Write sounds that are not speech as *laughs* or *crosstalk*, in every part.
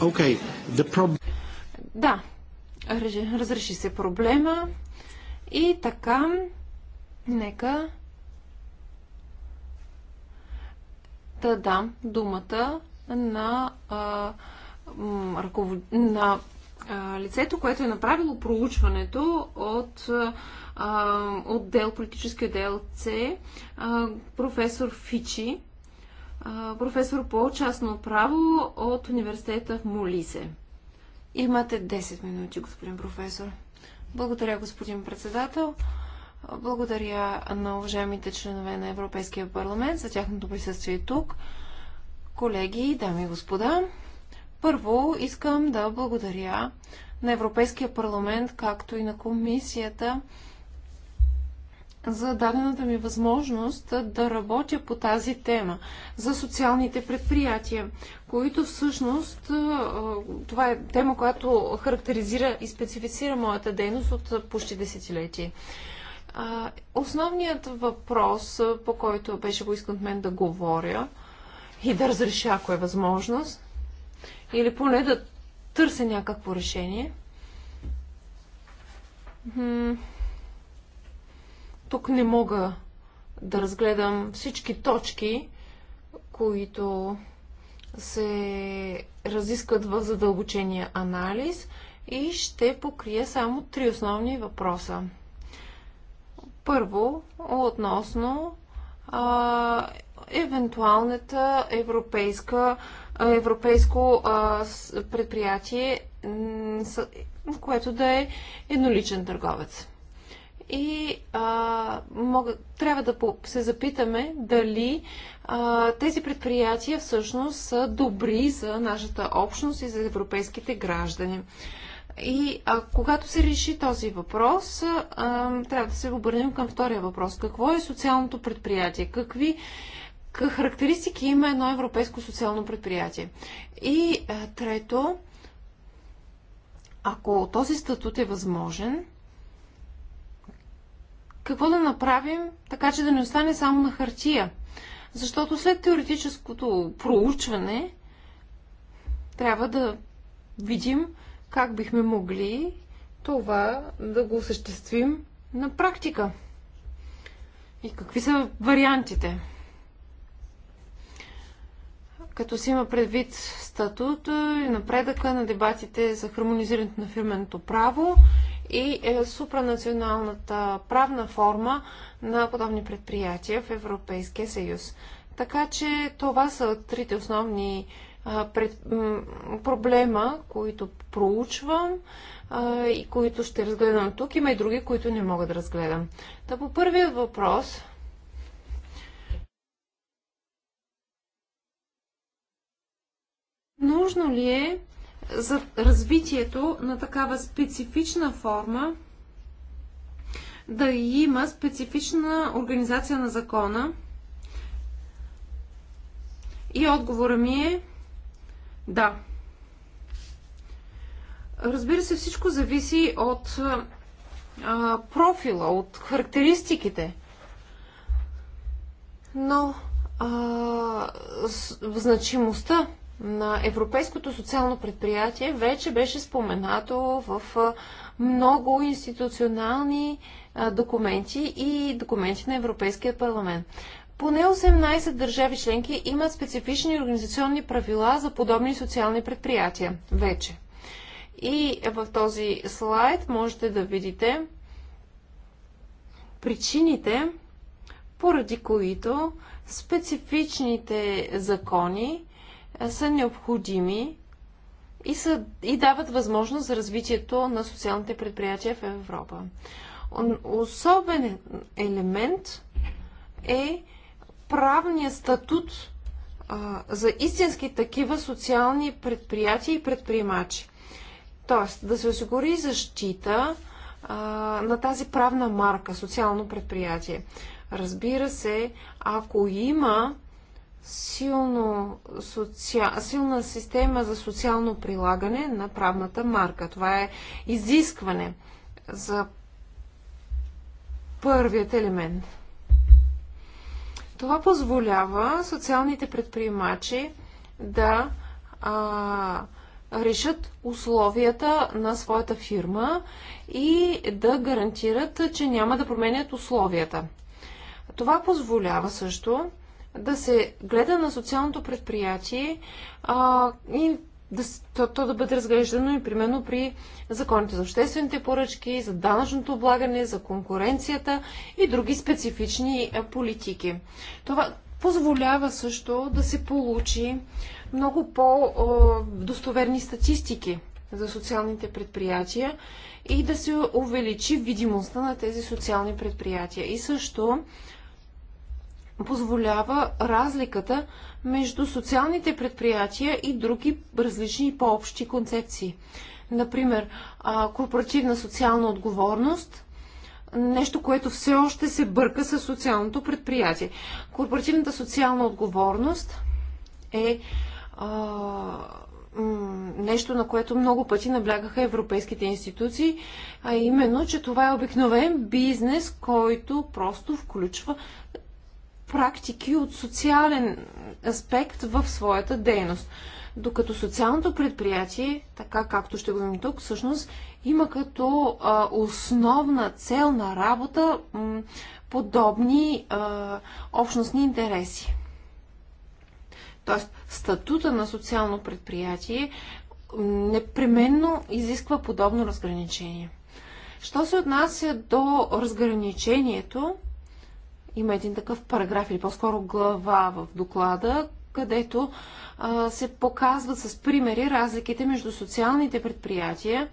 Okay. prob... Да, разреши се проблема и така, нека да дам думата на, а, на а, лицето, което е направило проучването от а, отдел, политически отдел С, професор Фичи професор по частно право от университета в Молисе. Имате 10 минути, господин професор. Благодаря, господин председател. Благодаря на уважаемите членове на Европейския парламент за тяхното присъствие тук. Колеги, дами и господа, първо искам да благодаря на Европейския парламент, както и на комисията, за дадената ми възможност да работя по тази тема за социалните предприятия, които всъщност това е тема, която характеризира и специфицира моята дейност от почти десетилетие. Основният въпрос, по който беше поискан от мен да говоря и да разреша, ако е възможност, или поне да търся някакво решение, тук не мога да разгледам всички точки, които се разискват в задълбочения анализ и ще покрия само три основни въпроса. Първо, относно а, евентуалната европейска, европейско а, предприятие, което да е едноличен търговец и а, мога, трябва да се запитаме дали а, тези предприятия всъщност са добри за нашата общност и за европейските граждани. И а, когато се реши този въпрос, а, трябва да се обърнем към втория въпрос. Какво е социалното предприятие? Какви характеристики има едно европейско социално предприятие? И а, трето, ако този статут е възможен, какво да направим, така че да не остане само на хартия. Защото след теоретическото проучване трябва да видим как бихме могли това да го осъществим на практика. И какви са вариантите? Като си има предвид статута и напредъка на дебатите за хармонизирането на фирменото право и е супранационалната правна форма на подобни предприятия в Европейския съюз. Така че това са трите основни пред, проблема, които проучвам а, и които ще разгледам тук. Има и други, които не мога да разгледам. Та по първият въпрос. Нужно ли е за развитието на такава специфична форма да има специфична организация на закона. И отговора ми е да. Разбира се, всичко зависи от а, профила, от характеристиките. Но а, значимостта на Европейското социално предприятие вече беше споменато в много институционални документи и документи на Европейския парламент. Поне 18 държави членки имат специфични организационни правила за подобни социални предприятия вече. И в този слайд можете да видите причините, поради които специфичните закони са необходими и, са, и дават възможност за развитието на социалните предприятия в Европа. Особен елемент е правния статут а, за истински такива социални предприятия и предприемачи. Тоест да се осигури защита а, на тази правна марка, социално предприятие. Разбира се, ако има силно, социал, силна система за социално прилагане на правната марка. Това е изискване за първият елемент. Това позволява социалните предприемачи да а, решат условията на своята фирма и да гарантират, че няма да променят условията. Това позволява също да се гледа на социалното предприятие а, и да, то, то да бъде разглеждано и примерно при законите за обществените поръчки, за данъчното облагане, за конкуренцията и други специфични политики. Това позволява също да се получи много по-достоверни статистики за социалните предприятия и да се увеличи видимостта на тези социални предприятия. И също позволява разликата между социалните предприятия и други различни по-общи концепции. Например, корпоративна социална отговорност, нещо, което все още се бърка с социалното предприятие. Корпоративната социална отговорност е нещо, на което много пъти наблягаха европейските институции, а именно, че това е обикновен бизнес, който просто включва практики от социален аспект в своята дейност. Докато социалното предприятие, така както ще го видим тук, всъщност има като а, основна цел на работа м, подобни а, общностни интереси. Тоест, статута на социално предприятие непременно изисква подобно разграничение. Що се отнася до разграничението, има един такъв параграф или по-скоро глава в доклада, където а, се показват с примери разликите между социалните предприятия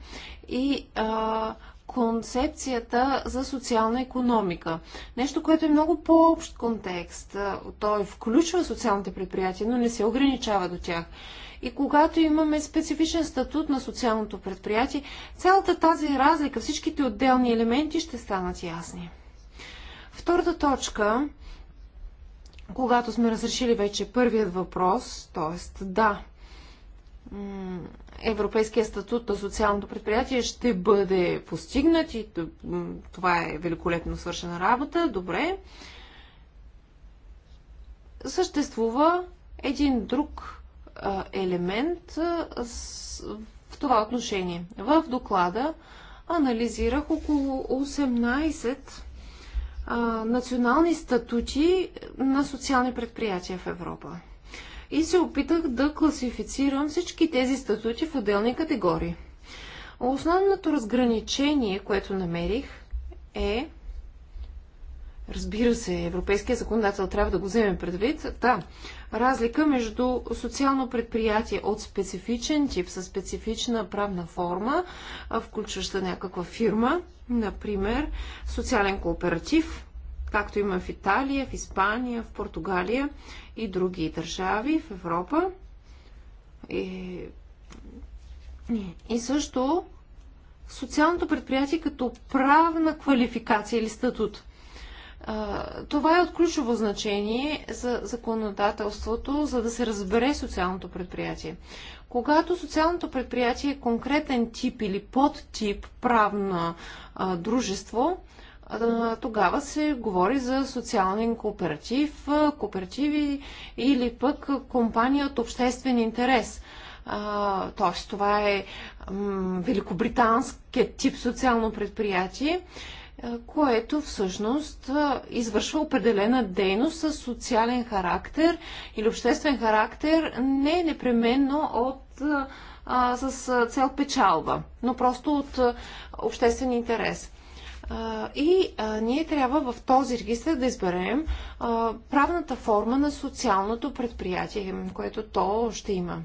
и а, концепцията за социална економика. Нещо, което е много по-общ контекст. Той включва социалните предприятия, но не се ограничава до тях. И когато имаме специфичен статут на социалното предприятие, цялата тази разлика, всичките отделни елементи ще станат ясни. Втората точка, когато сме разрешили вече първият въпрос, т.е. да, Европейския статут на социалното предприятие ще бъде постигнат и това е великолепно свършена работа, добре. Съществува един друг елемент в това отношение. В доклада анализирах около 18 а, национални статути на социални предприятия в Европа. И се опитах да класифицирам всички тези статути в отделни категории. Основното разграничение, което намерих е Разбира се, европейския законодател трябва да го вземе предвид. Да, разлика между социално предприятие от специфичен тип, със специфична правна форма, включваща някаква фирма, например социален кооператив, както има в Италия, в Испания, в Португалия и други държави в Европа. И, и също социалното предприятие като правна квалификация или статут – това е от ключово значение за законодателството, за да се разбере социалното предприятие. Когато социалното предприятие е конкретен тип или подтип правно дружество, тогава се говори за социален кооператив, кооперативи или пък компания от обществен интерес. Тоест, това е великобританският тип социално предприятие което всъщност извършва определена дейност с социален характер или обществен характер, не непременно от, а, с цел печалба, но просто от обществен интерес. А, и а, ние трябва в този регистр да изберем а, правната форма на социалното предприятие, което то ще има.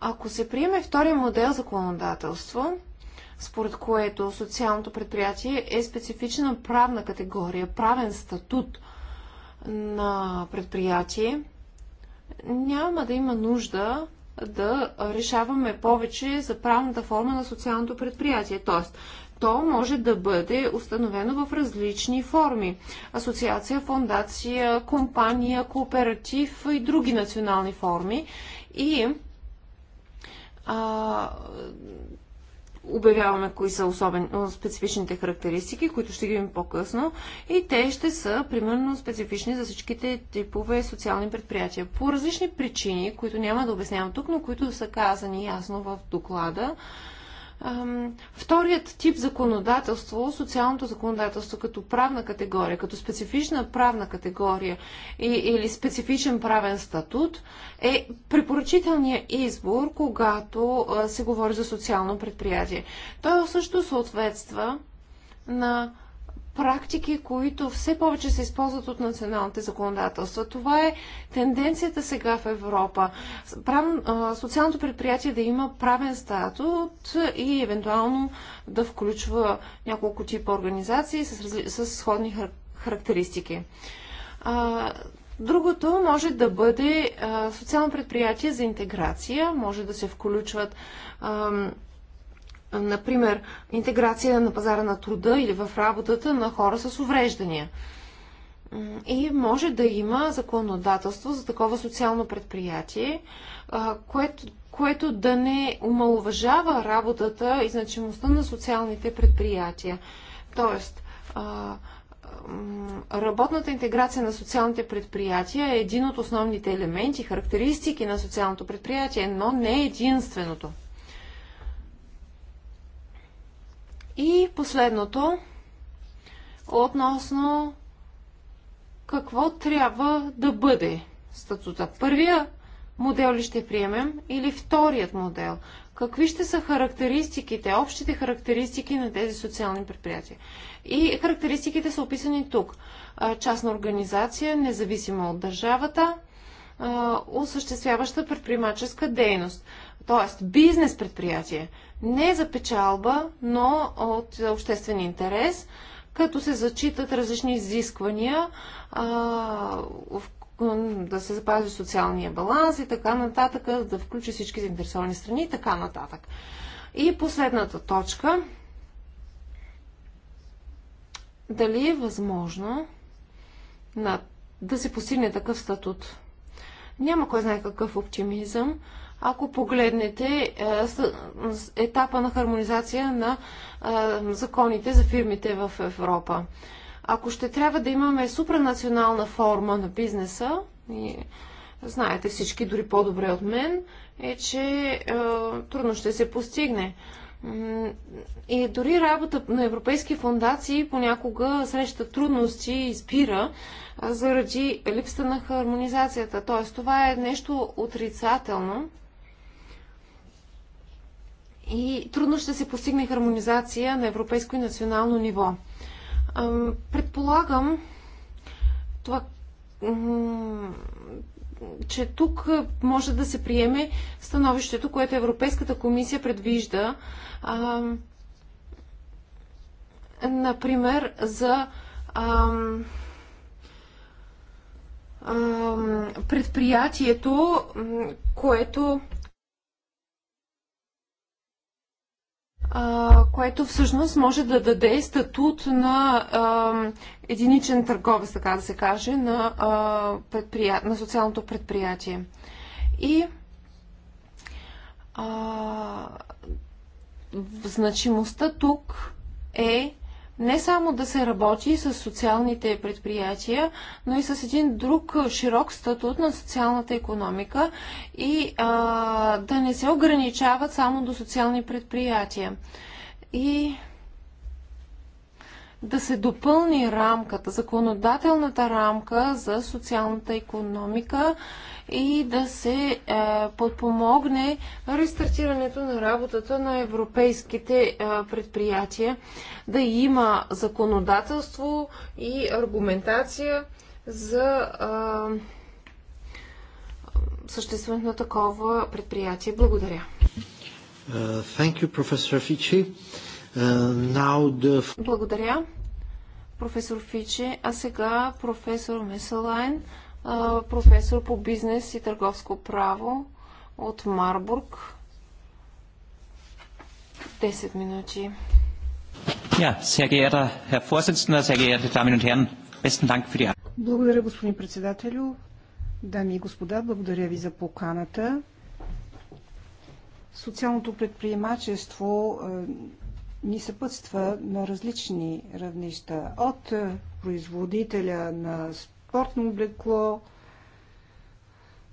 Ако се приеме втория модел законодателство, според което социалното предприятие е специфична правна категория, правен статут на предприятие, няма да има нужда да решаваме повече за правната форма на социалното предприятие. Тоест, то може да бъде установено в различни форми. Асоциация, фондация, компания, кооператив и други национални форми. И а, обявяваме кои са особен, специфичните характеристики, които ще ги видим по-късно. И те ще са, примерно, специфични за всичките типове социални предприятия. По различни причини, които няма да обяснявам тук, но които са казани ясно в доклада, Вторият тип законодателство, социалното законодателство като правна категория, като специфична правна категория или специфичен правен статут, е препоръчителният избор, когато се говори за социално предприятие. Той също съответства на практики, които все повече се използват от националните законодателства. Това е тенденцията сега в Европа. Прав... Социалното предприятие да има правен статут и евентуално да включва няколко типа организации с, разли... с сходни хар... характеристики. А, другото може да бъде а, социално предприятие за интеграция, може да се включват а, Например, интеграция на пазара на труда или в работата на хора с увреждания. И може да има законодателство за такова социално предприятие, което, което да не омалуважава работата и значимостта на социалните предприятия. Тоест, работната интеграция на социалните предприятия е един от основните елементи, характеристики на социалното предприятие, но не единственото. И последното, относно какво трябва да бъде статута. Първия модел ли ще приемем или вторият модел? Какви ще са характеристиките, общите характеристики на тези социални предприятия? И характеристиките са описани тук. Частна организация, независима от държавата, осъществяваща предприемаческа дейност. Тоест, бизнес предприятие – не за печалба, но от обществен интерес, като се зачитат различни изисквания, а, в, да се запази социалния баланс и така нататък, да включи всички заинтересовани страни и така нататък. И последната точка. Дали е възможно на, да се постигне такъв статут? Няма кой знае какъв оптимизъм, ако погледнете е, етапа на хармонизация на е, законите за фирмите в Европа. Ако ще трябва да имаме супранационална форма на бизнеса, и знаете всички дори по-добре от мен, е, че е, трудно ще се постигне. И дори работа на европейски фундации понякога среща трудности и спира е, заради липсата на хармонизацията. Т.е. това е нещо отрицателно и трудно ще се постигне хармонизация на европейско и национално ниво. Предполагам, това, че тук може да се приеме становището, което Европейската комисия предвижда, например, за предприятието, което което всъщност може да даде статут на единичен търговец, така да се каже, на, предприя... на социалното предприятие. И а, значимостта тук е не само да се работи с социалните предприятия, но и с един друг широк статут на социалната економика и а, да не се ограничават само до социални предприятия. И да се допълни рамката, законодателната рамка за социалната економика и да се е, подпомогне рестартирането на работата на европейските е, предприятия, да има законодателство и аргументация за е, съществуването на такова предприятие. Благодаря. Uh, thank you, професор Фичи. Е, благодаря, професор Фиче. А сега професор Меселайн, е, професор по бизнес и търговско право от Марбург. 10 минути. Ja, sehr geehrter Herr Vorsitzender, sehr geehrte Damen und Herren, besten Dank für die Благодаря, господин председателю. Дами и господа, благодаря ви за поканата. Социалното предприемачество е, ни съпътства на различни равнища. От е, производителя на спортно облекло,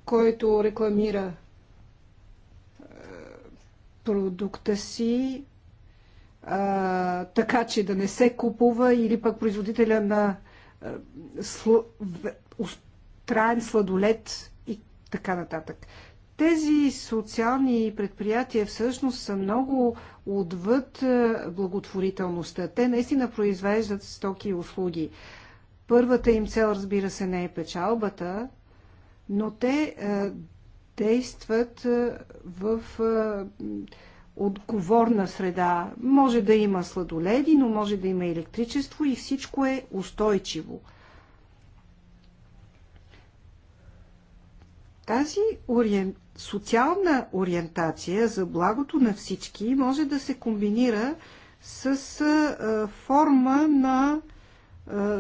който рекламира е, продукта си, а, е, така че да не се купува, или пък производителя на а, сл... траен сладолет и така нататък. Тези социални предприятия всъщност са много отвъд е, благотворителността. Те наистина произвеждат стоки и услуги. Първата им цел, разбира се, не е печалбата, но те е, действат е, в е, отговорна среда. Може да има сладоледи, но може да има електричество и всичко е устойчиво. Тази ориен социална ориентация за благото на всички може да се комбинира с форма на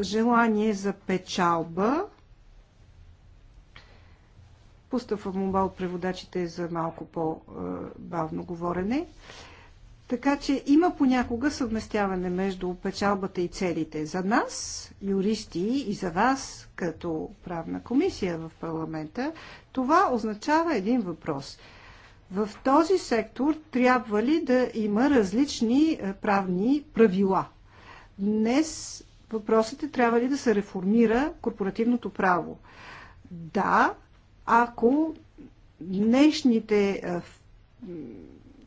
желание за печалба. Пуста в мобал преводачите е за малко по-бавно говорене. Така че има понякога съвместяване между печалбата и целите. За нас, юристи, и за вас, като правна комисия в парламента, това означава един въпрос. В този сектор трябва ли да има различни е, правни правила? Днес въпросът е трябва ли да се реформира корпоративното право. Да, ако днешните е,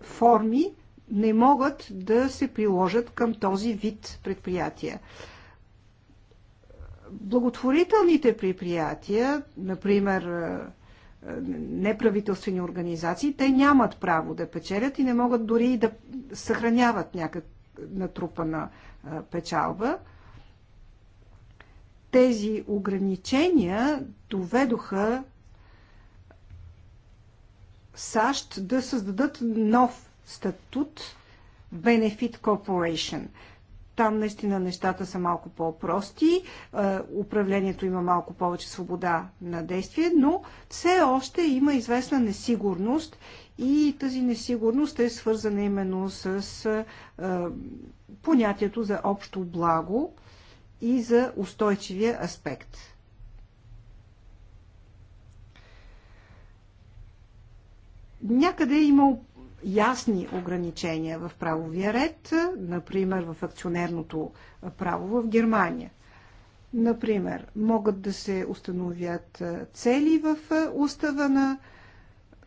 форми не могат да се приложат към този вид предприятия. Благотворителните предприятия, например неправителствени организации, те нямат право да печелят и не могат дори да съхраняват някак натрупана печалба. Тези ограничения доведоха САЩ да създадат нов статут Benefit Corporation. Там наистина нещата са малко по-прости, е, управлението има малко повече свобода на действие, но все още има известна несигурност и тази несигурност е свързана именно с е, понятието за общо благо и за устойчивия аспект. Някъде е имал ясни ограничения в правовия ред, например в акционерното право в Германия. Например, могат да се установят цели в устава на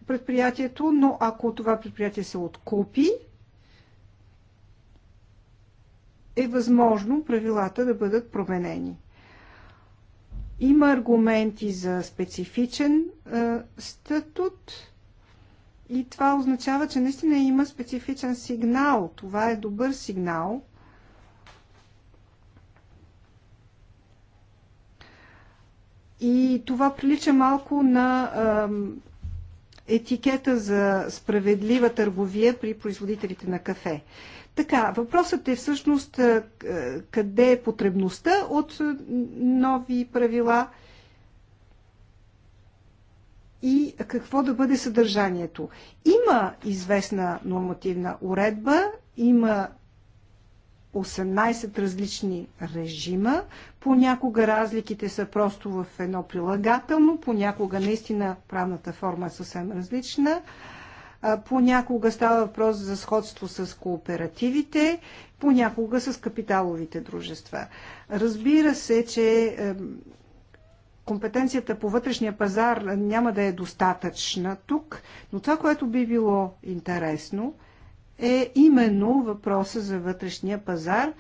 предприятието, но ако това предприятие се откупи, е възможно правилата да бъдат променени. Има аргументи за специфичен статут и това означава, че наистина има специфичен сигнал. Това е добър сигнал. И това прилича малко на етикета за справедлива търговия при производителите на кафе. Така, въпросът е всъщност къде е потребността от нови правила – и какво да бъде съдържанието. Има известна нормативна уредба, има 18 различни режима. Понякога разликите са просто в едно прилагателно, понякога наистина правната форма е съвсем различна. Понякога става въпрос за сходство с кооперативите, понякога с капиталовите дружества. Разбира се, че компетенцията по вътрешния пазар няма да е достатъчна тук, но това, което би било интересно, е именно въпроса за вътрешния пазар.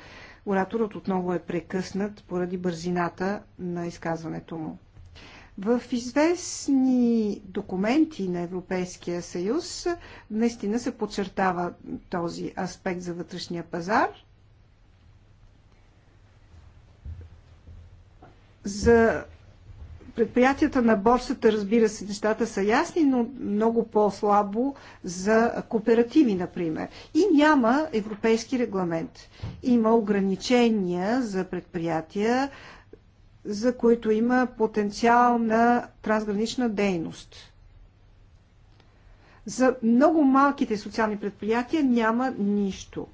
Ораторът отново е прекъснат поради бързината на изказването му. В известни документи на Европейския съюз наистина се подчертава този аспект за вътрешния пазар. За предприятията на борсата, разбира се, нещата са ясни, но много по-слабо за кооперативи, например. И няма европейски регламент. Има ограничения за предприятия, за които има потенциал на трансгранична дейност. За много малките социални предприятия няма нищо.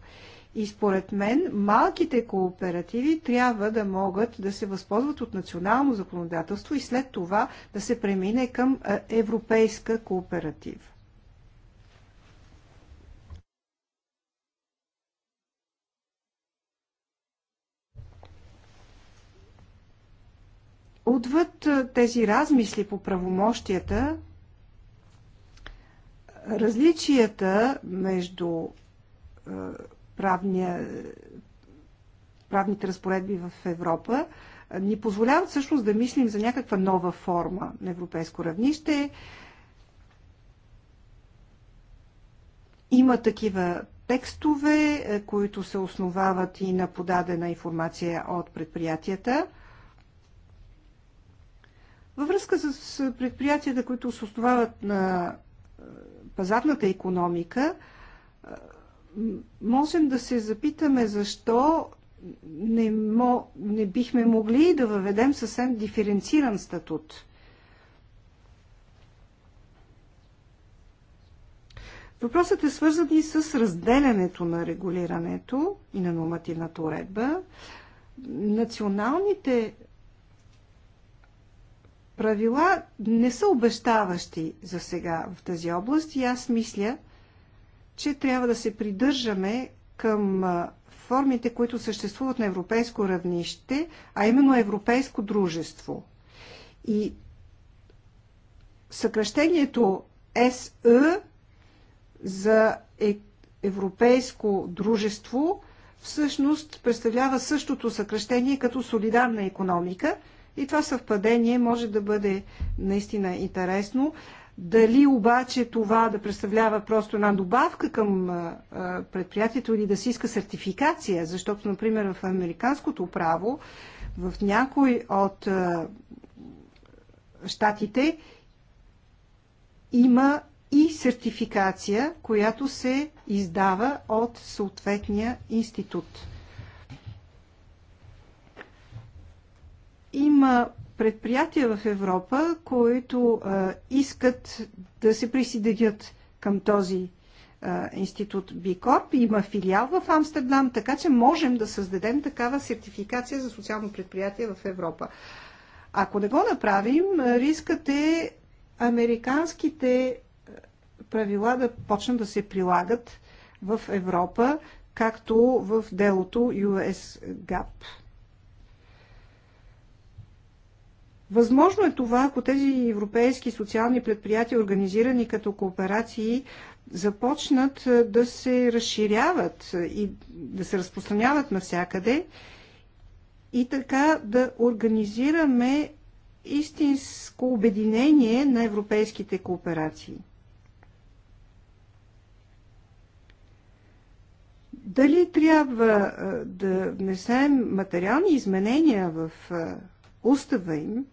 И според мен малките кооперативи трябва да могат да се възползват от национално законодателство и след това да се премине към е, европейска кооператива. Отвъд е, тези размисли по правомощията, различията между е, правния, правните разпоредби в Европа ни позволяват всъщност да мислим за някаква нова форма на европейско равнище. Има такива текстове, които се основават и на подадена информация от предприятията. Във връзка с предприятията, които се основават на пазарната економика, можем да се запитаме защо не, мо, не бихме могли да въведем съвсем диференциран статут. Въпросът е свързан и с разделянето на регулирането и на нормативната уредба. Националните правила не са обещаващи за сега в тази област и аз мисля, че трябва да се придържаме към формите, които съществуват на европейско равнище, а именно европейско дружество. И съкръщението СЕ за е, европейско дружество всъщност представлява същото съкръщение като солидарна економика и това съвпадение може да бъде наистина интересно. Дали обаче това да представлява просто една добавка към предприятието или да се иска сертификация, защото, например, в американското право, в някой от щатите има и сертификация, която се издава от съответния институт. Има предприятия в Европа, които а, искат да се присъединят към този а, институт Бикорп. Има филиал в Амстердам, така че можем да създадем такава сертификация за социално предприятие в Европа. Ако не го направим, рискът е американските правила да почнат да се прилагат в Европа, както в делото US GAP. Възможно е това, ако тези европейски социални предприятия, организирани като кооперации, започнат да се разширяват и да се разпространяват навсякъде и така да организираме истинско обединение на европейските кооперации. Дали трябва да внесем материални изменения в устава им,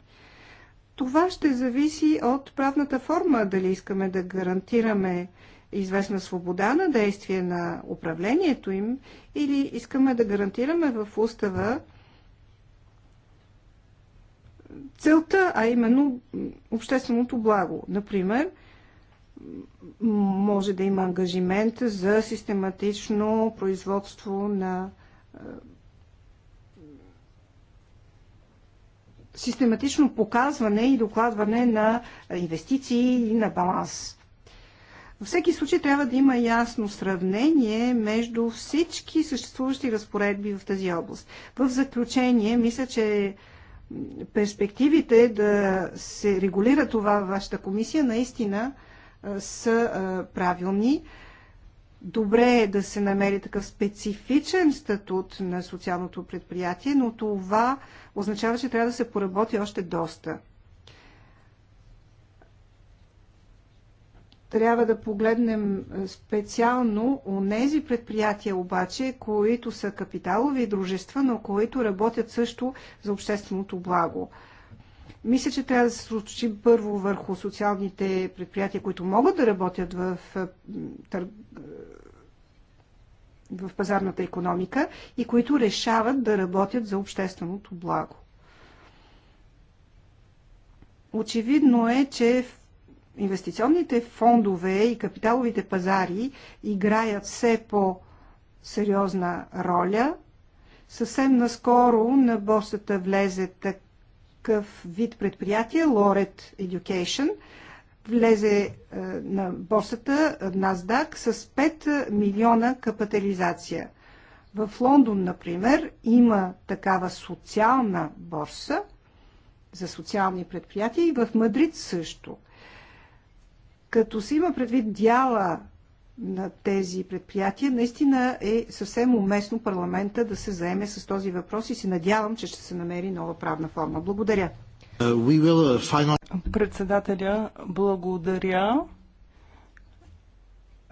това ще зависи от правната форма, дали искаме да гарантираме известна свобода на действие на управлението им или искаме да гарантираме в устава целта, а именно общественото благо. Например, може да има ангажимент за систематично производство на систематично показване и докладване на инвестиции и на баланс. Във всеки случай трябва да има ясно сравнение между всички съществуващи разпоредби в тази област. В заключение, мисля, че перспективите да се регулира това във вашата комисия наистина са правилни. Добре е да се намери такъв специфичен статут на социалното предприятие, но това означава, че трябва да се поработи още доста. трябва да погледнем е, специално у нези предприятия обаче, които са капиталови дружества, но които работят също за общественото благо. Мисля, че трябва да се случи първо върху социалните предприятия, които могат да работят в е, в пазарната економика и които решават да работят за общественото благо. Очевидно е, че инвестиционните фондове и капиталовите пазари играят все по-сериозна роля. Съвсем наскоро на борсата влезе такъв вид предприятие, Loret Education – влезе е, на борсата NASDAQ с 5 милиона капитализация. В Лондон, например, има такава социална борса за социални предприятия и в Мадрид също. Като се има предвид дяла на тези предприятия, наистина е съвсем уместно парламента да се заеме с този въпрос и се надявам, че ще се намери нова правна форма. Благодаря. Uh, Председателя, благодаря.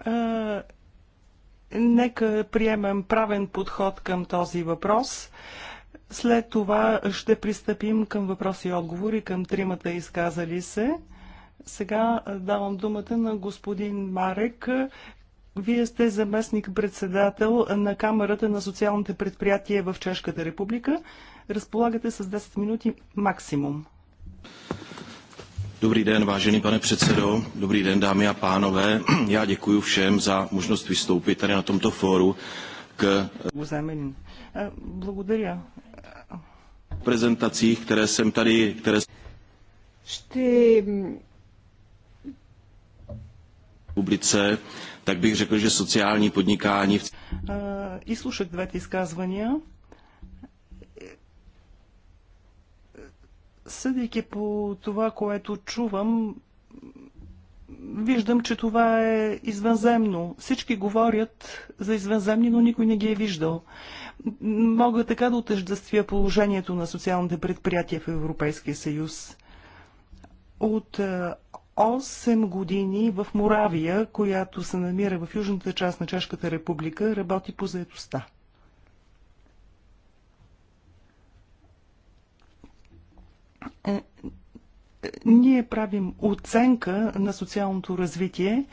Е, нека приемем правен подход към този въпрос. След това ще пристъпим към въпроси и отговори към тримата изказали се. Сега е, давам думата на господин Марек. Вие сте заместник-председател на Камерата на социалните предприятия в Чешката република. Разполагате с 10 минути максимум. Dobrý den, vážený pane předsedo, dobrý den, dámy a pánové. Já děkuji všem za možnost vystoupit tady na tomto fóru k prezentacích, které jsem tady... Které... ...publice, tak bych řekl, že sociální podnikání... ...i slušek Изслушах ty изказвания. Съдейки по това, което чувам, виждам, че това е извънземно. Всички говорят за извънземни, но никой не ги е виждал. Мога така да отъждествя положението на социалните предприятия в Европейския съюз. От 8 е, години в Моравия, която се намира в южната част на Чешката република, работи по заедостта. Е, е, ние правим оценка на социалното развитие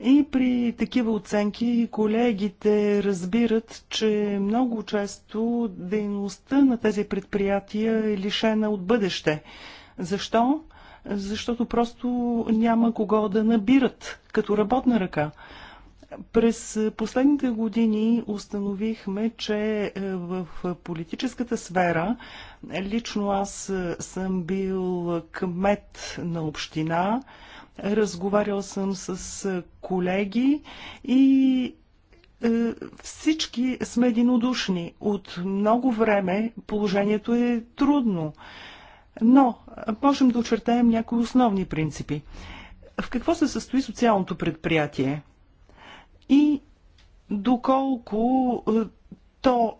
и при такива оценки колегите разбират, че много често дейността на тези предприятия е лишена от бъдеще. Защо? Защото просто няма кого да набират като работна ръка. През последните години установихме, че е, в политическата сфера лично аз е, съм бил кмет на община, разговарял съм с е, колеги и всички сме единодушни. От много време положението е трудно, но можем да очертаем някои основни принципи. В какво се състои социалното предприятие? доколко е, то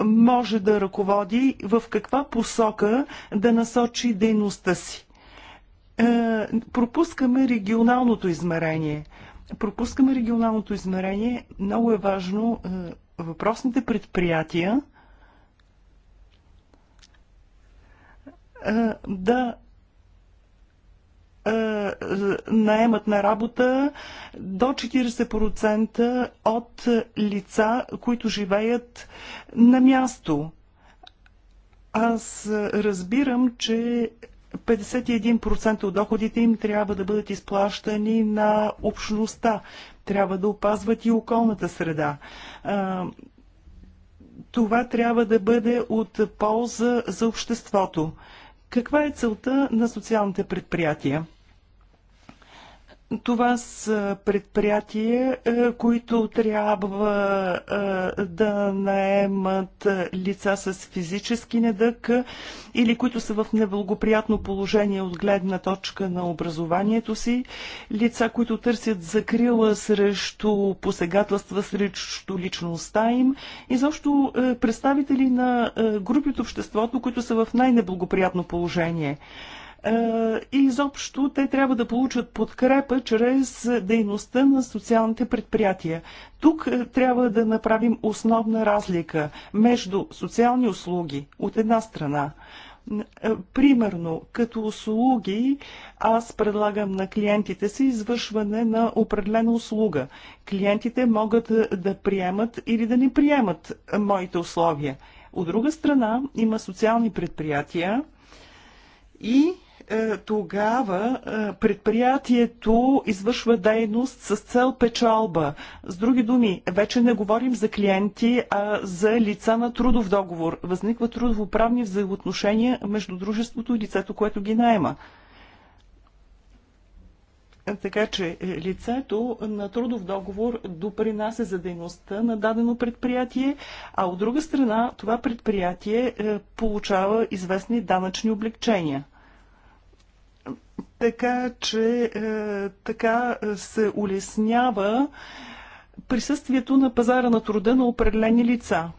е, може да ръководи в каква посока да насочи дейността си. Е, пропускаме регионалното измерение. Пропускаме регионалното измерение. Много е важно въпросните предприятия да е, наемат на работа до 40% от лица, които живеят на място. Аз разбирам, че 51% от доходите им трябва да бъдат изплащани на общността. Трябва да опазват и околната среда. Е, това трябва да бъде от полза за обществото. Каква е целта на социалните предприятия? Това са предприятия, е, които трябва е, да наемат лица с физически недък е, или които са в неблагоприятно положение от гледна точка на образованието си, лица, които търсят закрила срещу посегателства срещу личността им и защо представители на групи от обществото, които са в най-неблагоприятно положение. Е, и изобщо те трябва да получат подкрепа чрез дейността на социалните предприятия. Тук е, трябва да направим основна разлика между социални услуги от една страна. Е, примерно, като услуги, аз предлагам на клиентите си извършване на определена услуга. Клиентите могат да приемат или да не приемат моите условия. От друга страна, има социални предприятия и е, тогава е, предприятието извършва дейност с цел печалба. С други думи, вече не говорим за клиенти, а за лица на трудов договор. Възниква трудовоправни взаимоотношения между дружеството и лицето, което ги найема. Така че е, лицето на трудов договор допринася за дейността на дадено предприятие, а от друга страна това предприятие получава известни данъчни облегчения така че е, така се улеснява присъствието на пазара на труда на определени лица.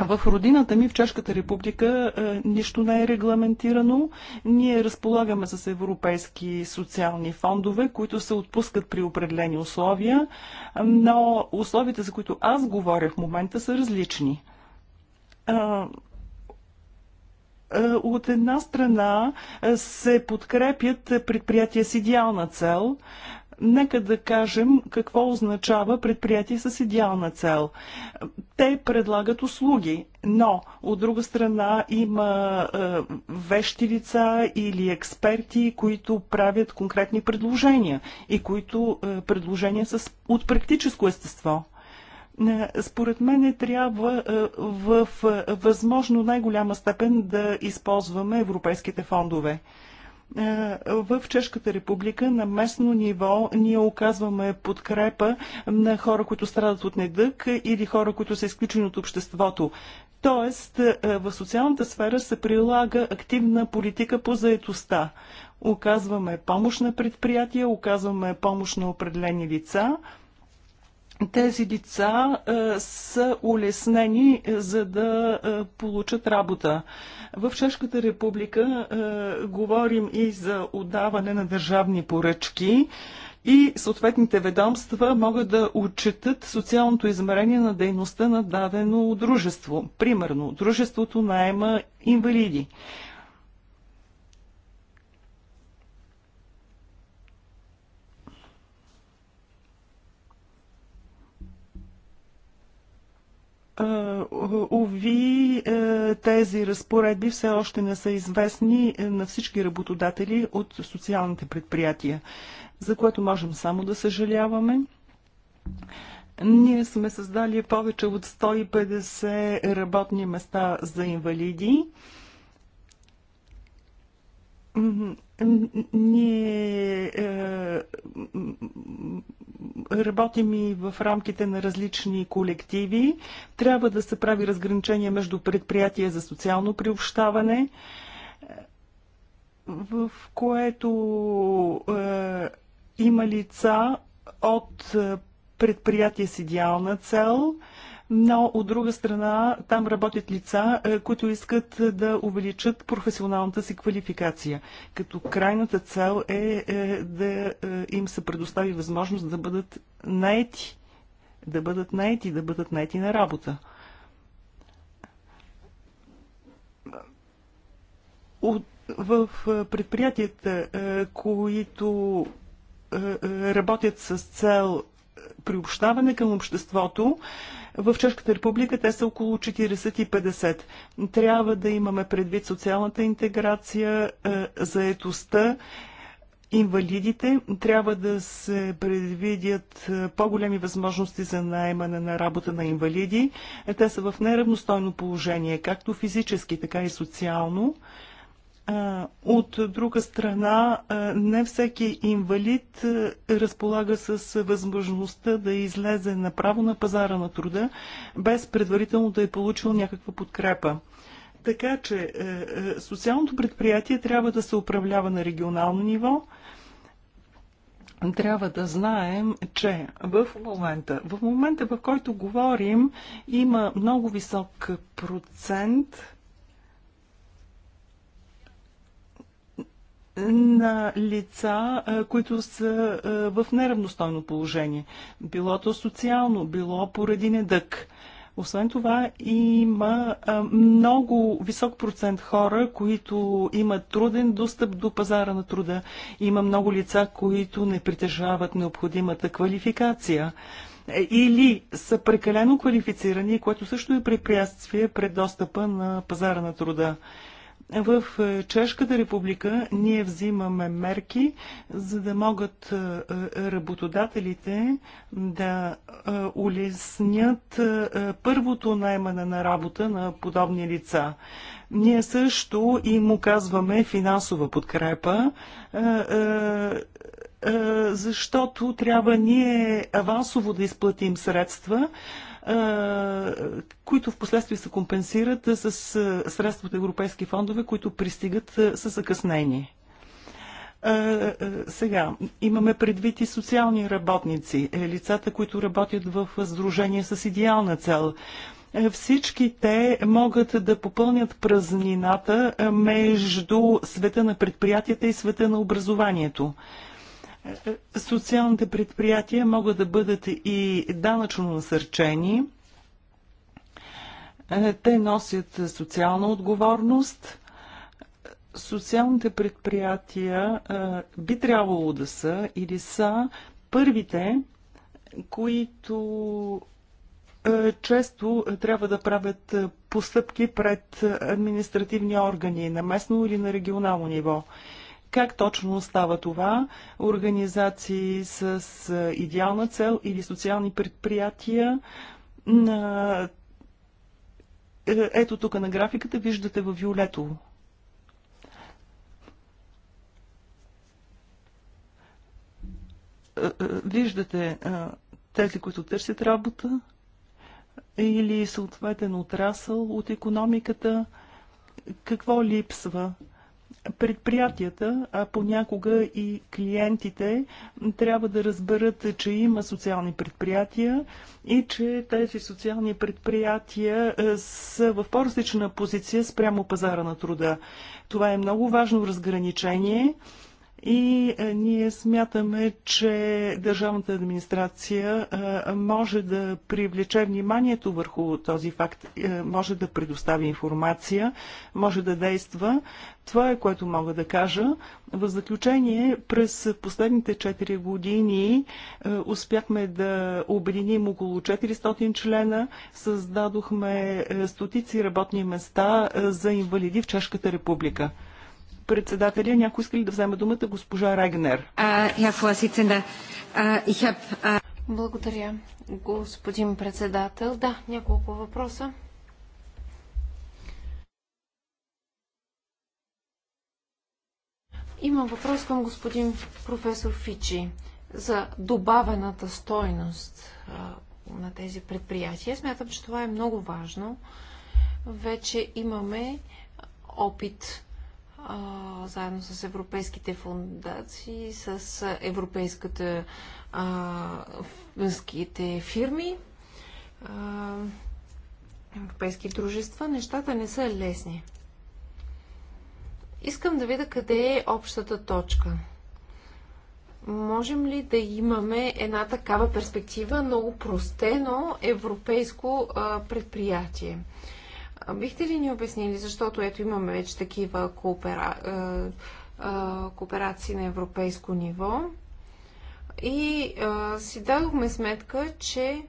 В родината ми, в Чешката република, е, нищо не е регламентирано. Ние разполагаме с европейски социални фондове, които се отпускат при определени условия, но условията, за които аз говоря в момента, са различни. Е, е, от една страна е, се подкрепят предприятия с идеална цел. Нека да кажем какво означава предприятие с идеална цел. Те предлагат услуги, но от друга страна има е, вещи лица или експерти, които правят конкретни предложения и които предложения са от практическо естество. Е, според мен трябва е, в е, възможно най-голяма степен да използваме европейските фондове в Чешката република на местно ниво ние оказваме подкрепа на хора, които страдат от недък или хора, които са изключени от обществото. Тоест, в социалната сфера се прилага активна политика по заетостта. Оказваме помощ на предприятия, оказваме помощ на определени лица, тези деца е, са улеснени е, за да е, получат работа. В Чешката република говорим и за отдаване на държавни поръчки и съответните ведомства могат да отчитат социалното измерение на дейността на дадено дружество. Примерно, дружеството найема инвалиди. Ови, е, тези разпоредби все още не са известни е, на всички работодатели от социалните предприятия, за което можем само да съжаляваме. Ние сме създали повече от 150 работни места за инвалиди. Ние е, Работим и в рамките на различни колективи. Трябва да се прави разграничение между предприятия за социално приобщаване, в което е, има лица от е, предприятия с идеална цел, е, но от друга страна там работят лица, е, които искат да увеличат професионалната си квалификация, като крайната цел е, е да е, им се предостави възможност да бъдат наети, да бъдат наети, да бъдат наети на работа. От, в предприятията, които работят с цел приобщаване към обществото. В Чешката република те са около 40 и 50. Трябва да имаме предвид социалната интеграция, е, заетостта, инвалидите. Трябва да се предвидят е, по-големи възможности за найемане на работа на инвалиди. Е, те са в неравностойно положение, както физически, така и социално. От друга страна, не всеки инвалид разполага с възможността да излезе направо на пазара на труда, без предварително да е получил някаква подкрепа. Така че е, е, социалното предприятие трябва да се управлява на регионално ниво. Трябва да знаем, че в момента, в момента в който говорим, има много висок процент на лица, които са в неравностойно положение. Било то социално, било поради недък. Освен това, има много висок процент хора, които имат труден достъп до пазара на труда. Има много лица, които не притежават необходимата квалификация е, или са прекалено квалифицирани, което също е препятствие пред достъпа на пазара на труда. В е, Чешката република ние взимаме мерки, за да могат е, е, работодателите да улеснят първото наймане на работа на подобни лица. Ние също им оказваме финансова подкрепа защото трябва ние авансово да изплатим средства, които в последствие се компенсират с средства от европейски фондове, които пристигат с закъснение. Сега, имаме предвид и социални работници, е, лицата, които работят в сдружение с идеална цел е, всички те могат да попълнят празнината между света на предприятията и света на образованието. Социалните предприятия могат да бъдат и данъчно насърчени. Е, те носят социална отговорност. Социалните предприятия е, би трябвало да са или са първите, които е, често трябва да правят постъпки пред административни органи на местно или на регионално ниво. Как точно става това? Организации с идеална цел или социални предприятия? Е, ето тук на графиката виждате във виолетово. Е, е, виждате тези, които търсят работа или съответен отрасъл от економиката, какво липсва? предприятията, а понякога и клиентите трябва да разберат, че има социални предприятия и че тези социални предприятия е, са в по-различна позиция спрямо пазара на труда. Това е много важно разграничение и е, ние смятаме, че държавната администрация е, може да привлече вниманието върху този факт, е, може да предостави информация, може да действа. Това е което мога да кажа. В заключение, през последните 4 години успяхме да обединим около 400 члена, създадохме стотици работни места за инвалиди в Чешката република председателя. Някой иска ли да вземе думата? Госпожа Рагнер. Благодаря, господин председател. Да, няколко въпроса. Имам въпрос към господин професор Фичи за добавената стойност на тези предприятия. Смятам, че това е много важно. Вече имаме опит заедно с европейските фундации, с европейската финските фирми, а, европейски дружества, нещата не са лесни. Искам да видя къде е общата точка. Можем ли да имаме една такава перспектива, много простено европейско а, предприятие? Бихте ли ни обяснили, защото ето имаме вече такива коопера... Е, е, кооперации на европейско ниво и е, си дадохме сметка, че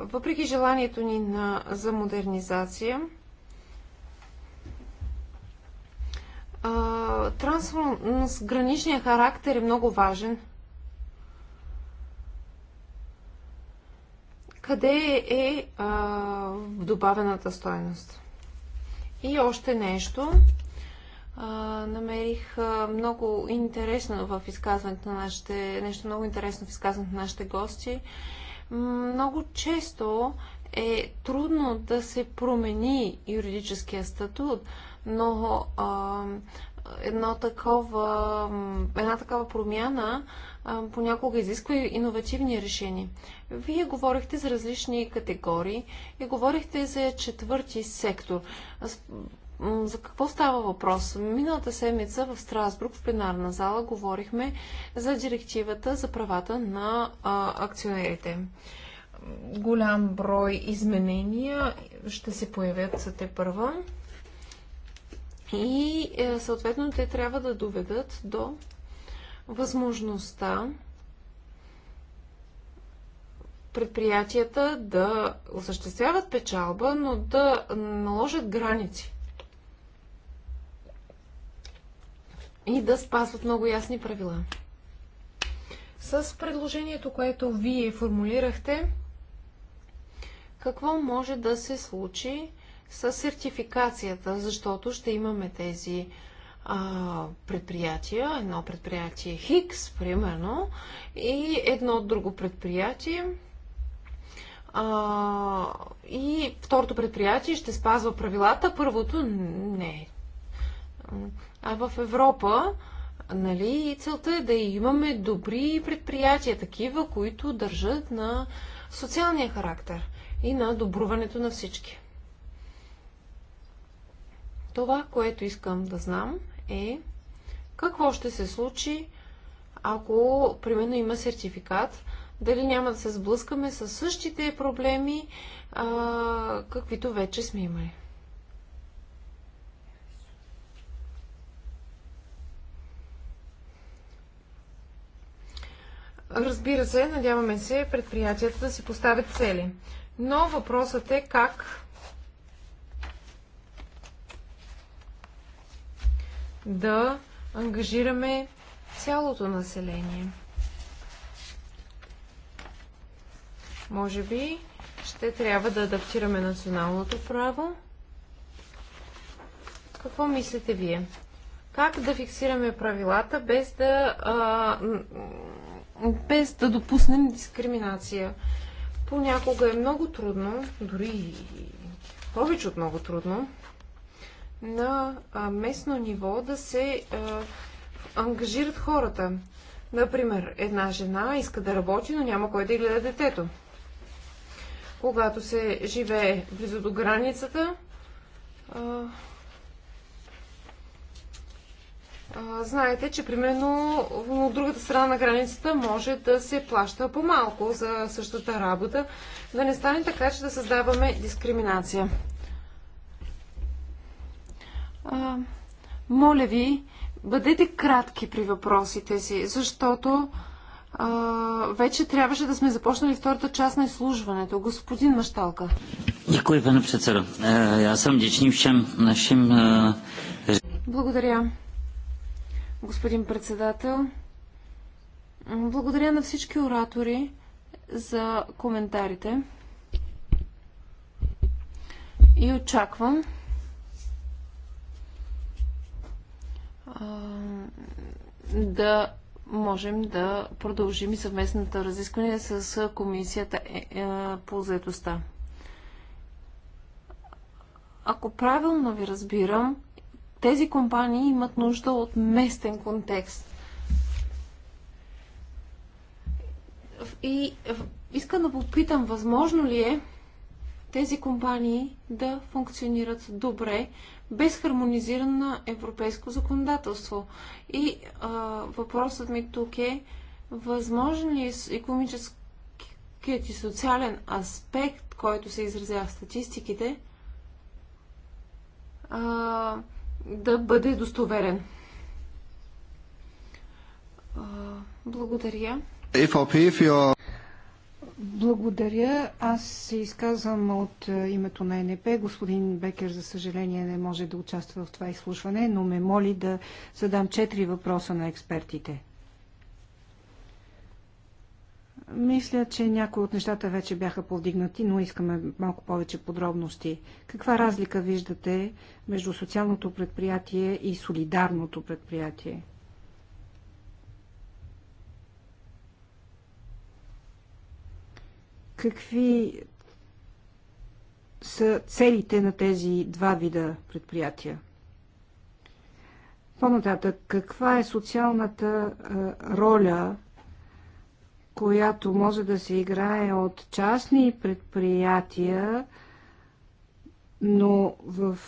въпреки желанието ни на, за модернизация, трансграничният характер е много важен. къде е а, добавената стоеност. И още нещо. А, намерих а, много интересно в изказването на нашите, нещо много интересно в изказването на нашите гости. Много често е трудно да се промени юридическия статут, но а, едно такова, една такава промяна понякога изисква иновативни решения. Вие говорихте за различни категории и говорихте за четвърти сектор. За какво става въпрос? Миналата седмица в Страсбург, в пленарна зала, говорихме за директивата за правата на а, акционерите. Голям брой изменения ще се появят те първа. И е, съответно те трябва да доведат до възможността предприятията да осъществяват печалба, но да наложат граници. И да спазват много ясни правила. С предложението, което вие формулирахте, какво може да се случи с сертификацията, защото ще имаме тези а, предприятия, едно предприятие е Хикс, примерно, и едно друго предприятие. А, и второто предприятие ще спазва правилата, първото не. А в Европа, нали, целта е да имаме добри предприятия, такива, които държат на социалния характер и на добруването на всички. Това, което искам да знам е какво ще се случи, ако примерно има сертификат, дали няма да се сблъскаме с същите проблеми, а, каквито вече сме имали. Разбира се, надяваме се предприятията да си поставят цели. Но въпросът е как да ангажираме цялото население. Може би ще трябва да адаптираме националното право. Какво мислите вие? Как да фиксираме правилата без да, а, без да допуснем дискриминация? Понякога е много трудно, дори повече от много трудно, на местно ниво да се ангажират хората. Например, една жена иска да работи, но няма кой да й гледа детето. Когато се живее близо до границата, знаете, че примерно от другата страна на границата може да се плаща по-малко за същата работа, да не стане така, че да създаваме дискриминация. А, моля ви, бъдете кратки при въпросите си, защото а, вече трябваше да сме започнали втората част на изслужването. Господин Машталка. Дякую, пане председател. Аз съм дични всем нашим... Благодаря, господин председател. Благодаря на всички оратори за коментарите. И очаквам да можем да продължим и съвместната разискване с комисията е, е, по заедостта. Ако правилно ви разбирам, тези компании имат нужда от местен контекст. И искам да попитам, възможно ли е тези компании да функционират добре без хармонизирано европейско законодателство. И а, въпросът ми тук е, възможен ли е економическият и социален аспект, който се изразява в статистиките, а, да бъде достоверен? А, благодаря. Е, благодаря. Аз се изказвам от е, името на НП. Господин Бекер, за съжаление, не може да участва в това изслушване, но ме моли да задам четири въпроса на експертите. Мисля, че някои от нещата вече бяха повдигнати, но искаме малко повече подробности. Каква разлика виждате между социалното предприятие и солидарното предприятие? какви са целите на тези два вида предприятия? По-нататък, каква е социалната роля, която може да се играе от частни предприятия, но в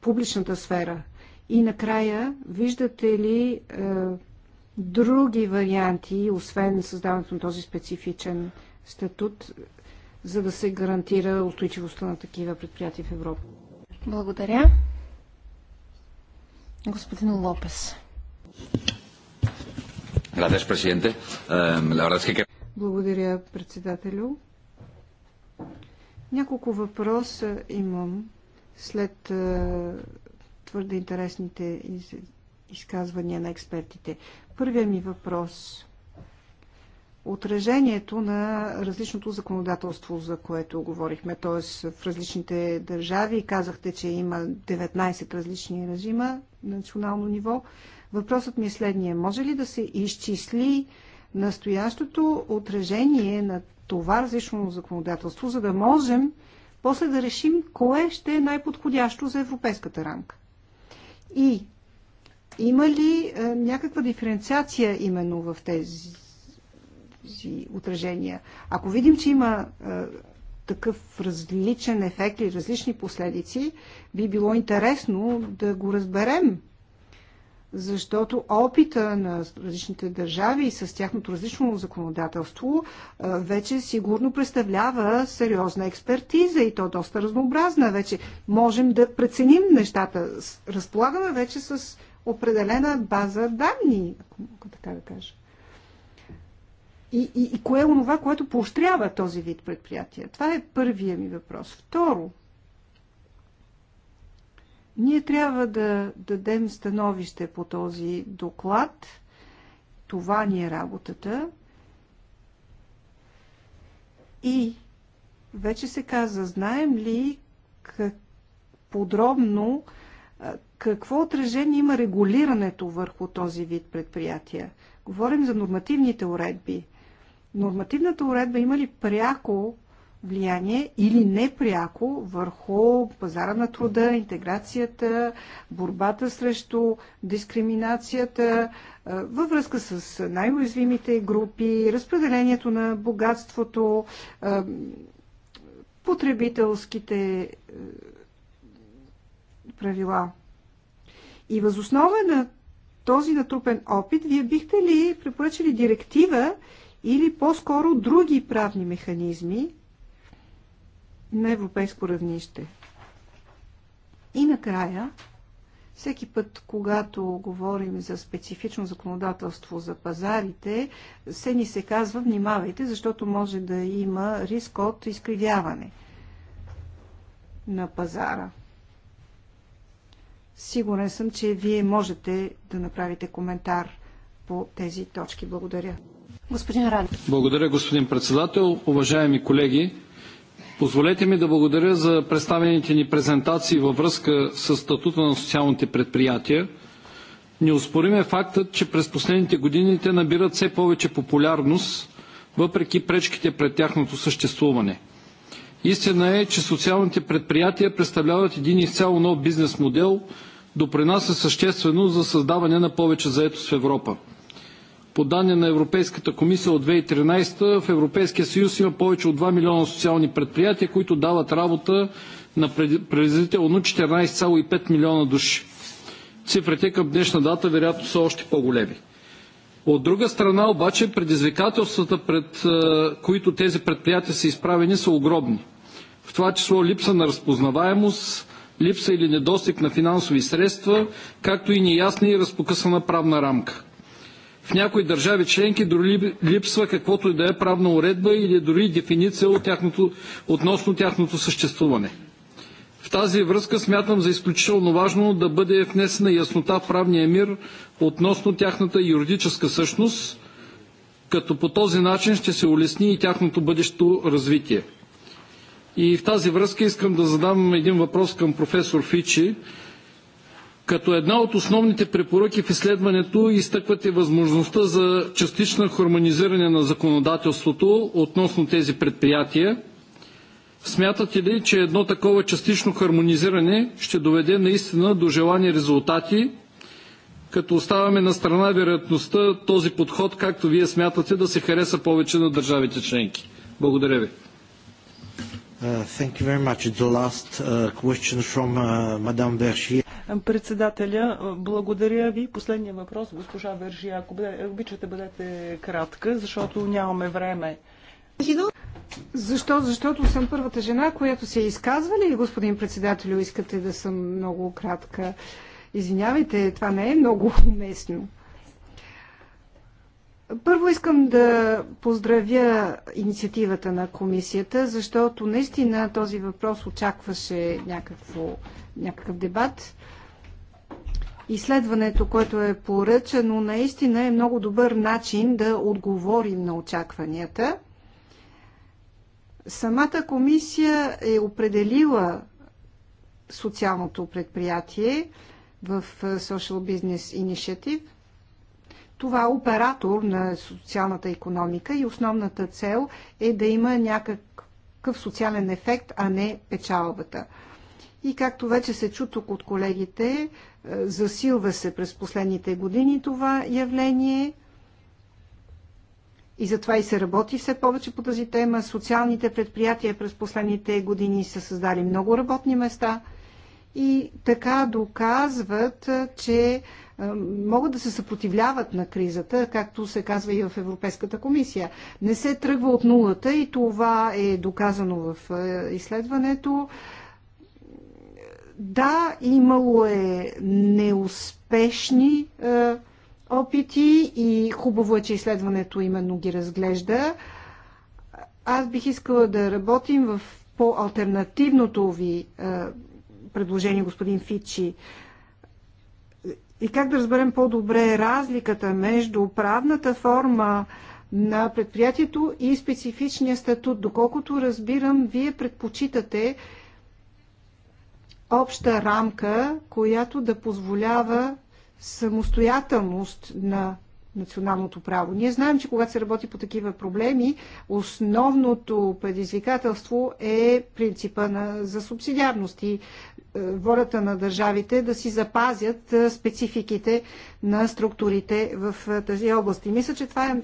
публичната сфера? И накрая, виждате ли други варианти, освен създаването на този специфичен статут, за да се гарантира устойчивостта на такива предприятия в Европа. Благодаря. Господин Лопес. Благодаря, председателю. Няколко въпроса имам след е, твърде интересните изказвания на експертите. Първият ми въпрос отражението на различното законодателство, за което говорихме, т.е. в различните държави. Казахте, че има 19 различни режима на национално ниво. Въпросът ми е следния. Може ли да се изчисли настоящото отражение на това различно законодателство, за да можем после да решим кое ще е най-подходящо за европейската рамка? И има ли а, е, някаква диференциация именно в тези отражения? Ако видим, че има а, е, такъв различен ефект или различни последици, би било интересно да го разберем. Защото опита на различните държави с тяхното различно законодателство е, вече сигурно представлява сериозна експертиза и то е доста разнообразна. Вече можем да преценим нещата. Разполагаме вече с определена база данни, ако мога така да кажа. И, и, и кое е онова, което поощрява този вид предприятия? Това е първия ми въпрос. Второ, ние трябва да дадем становище по този доклад. Това ни е работата. И вече се каза, знаем ли как подробно какво отражение има регулирането върху този вид предприятия? Говорим за нормативните уредби. Нормативната уредба има ли пряко влияние или непряко върху пазара на труда, интеграцията, борбата срещу дискриминацията, във връзка с най-уязвимите групи, разпределението на богатството, потребителските правила. И възоснова на този натрупен опит, вие бихте ли препоръчали директива или по-скоро други правни механизми на европейско равнище? И накрая, всеки път, когато говорим за специфично законодателство за пазарите, се ни се казва внимавайте, защото може да има риск от изкривяване на пазара. Сигурен съм, че вие можете да направите коментар по тези точки. Благодаря. Господин Радев. Благодаря, господин председател. Уважаеми колеги, позволете ми да благодаря за представените ни презентации във връзка с статута на социалните предприятия. Неоспорим е фактът, че през последните години те набират все повече популярност, въпреки пречките пред тяхното съществуване. Истина е, че социалните предприятия представляват един изцяло нов бизнес модел – допринася съществено за създаване на повече заетост в Европа. По данни на Европейската комисия от 2013 в Европейския съюз има повече от 2 милиона социални предприятия, които дават работа на приблизително 14,5 милиона души. Цифрите към днешна дата вероятно са още по-големи. От друга страна обаче предизвикателствата, пред които тези предприятия са изправени, са огромни. В това число липса на разпознаваемост, липса или недостиг на финансови средства, както и неясна и разпокъсана правна рамка. В някои държави членки дори липсва каквото и да е правна уредба или дори дефиниция от тяхното, относно тяхното съществуване. В тази връзка смятам за изключително важно да бъде внесена яснота в правния мир относно тяхната юридическа същност, като по този начин ще се улесни и тяхното бъдещо развитие. И в тази връзка искам да задам един въпрос към професор Фичи. Като една от основните препоръки в изследването изтъквате възможността за частично хармонизиране на законодателството относно тези предприятия. Смятате ли, че едно такова частично хармонизиране ще доведе наистина до желани резултати, като оставаме на страна вероятността този подход, както вие смятате, да се хареса повече на държавите членки? Благодаря ви. Uh, thank you very much. The last uh, question from uh, Madame Bergier. Председателя, благодаря ви. Последния въпрос, госпожа Вержия. Ако обичате, бъдете кратка, защото нямаме време. Защо? Защото съм първата жена, която се е изказва ли, господин председателю, искате да съм много кратка? Извинявайте, това не е много уместно. Първо искам да поздравя инициативата на комисията, защото наистина този въпрос очакваше някакво, някакъв дебат. Изследването, което е поръчано, наистина е много добър начин да отговорим на очакванията. Самата комисия е определила социалното предприятие в Social Business Initiative – това е оператор на социалната економика и основната цел е да има някакъв социален ефект, а не печалбата. И както вече се чу тук от колегите, е, засилва се през последните години това явление. И затова и се работи все повече по тази тема. Социалните предприятия през последните години са създали много работни места и така доказват, е, че е, могат да се съпротивляват на кризата, както се казва и в Европейската комисия. Не се тръгва от нулата и това е доказано в е, изследването. Да, имало е неуспешни е, опити и хубаво е, че изследването именно ги разглежда. Аз бих искала да работим в по-алтернативното ви е, предложение, господин Фичи. Е, и как да разберем по-добре разликата между правната форма на предприятието и специфичния статут. Доколкото разбирам, вие предпочитате обща рамка, която да позволява самостоятелност на националното право. Ние знаем, че когато се работи по такива проблеми, основното предизвикателство е принципа на, за субсидиарност и е, волята на държавите да си запазят е, спецификите на структурите в е, тази област. И мисля, че това е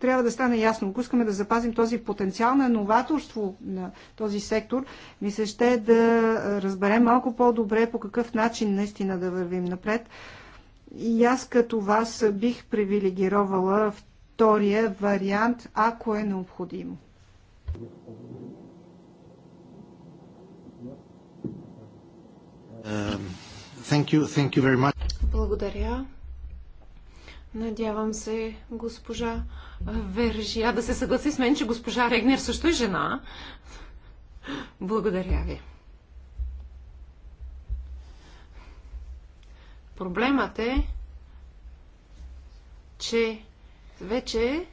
трябва да стане ясно. Ако искаме да запазим този потенциал на новаторство на този сектор, Мисля, ще да разберем малко по-добре по какъв начин наистина да вървим напред и аз като вас бих привилегировала втория вариант, ако е необходимо. Um, thank you, thank you Благодаря. Надявам се госпожа Вержия да се съгласи с мен, че госпожа Регнер също е жена. Благодаря ви. Проблемът е, че вече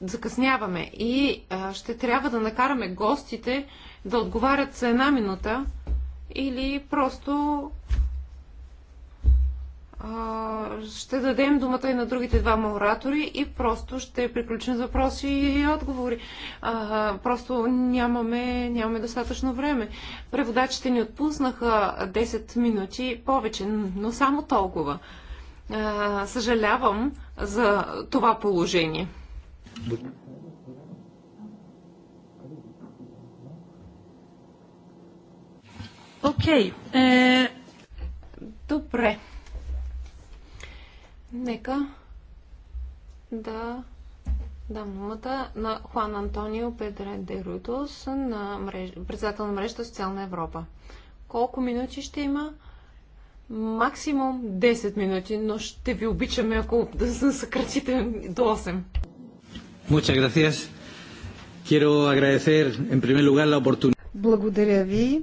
закъсняваме и а, ще трябва да накараме гостите да отговарят за една минута или просто ще дадем думата и на другите двама оратори и просто ще приключим с въпроси и отговори. А, просто нямаме, нямаме достатъчно време. Преводачите ни отпуснаха 10 минути повече, но само толкова. А, съжалявам за това положение. Окей. Okay. Е... Добре. Нека да дам думата на Хуан Антонио Педре де Рутос, на мреж... председател на мрежата Социална Европа. Колко минути ще има? Максимум 10 минути, но ще ви обичаме, ако да *laughs* се съкратите до 8. Muchas gracias. Quiero agradecer en primer lugar la oportunidad. Благодаря ви.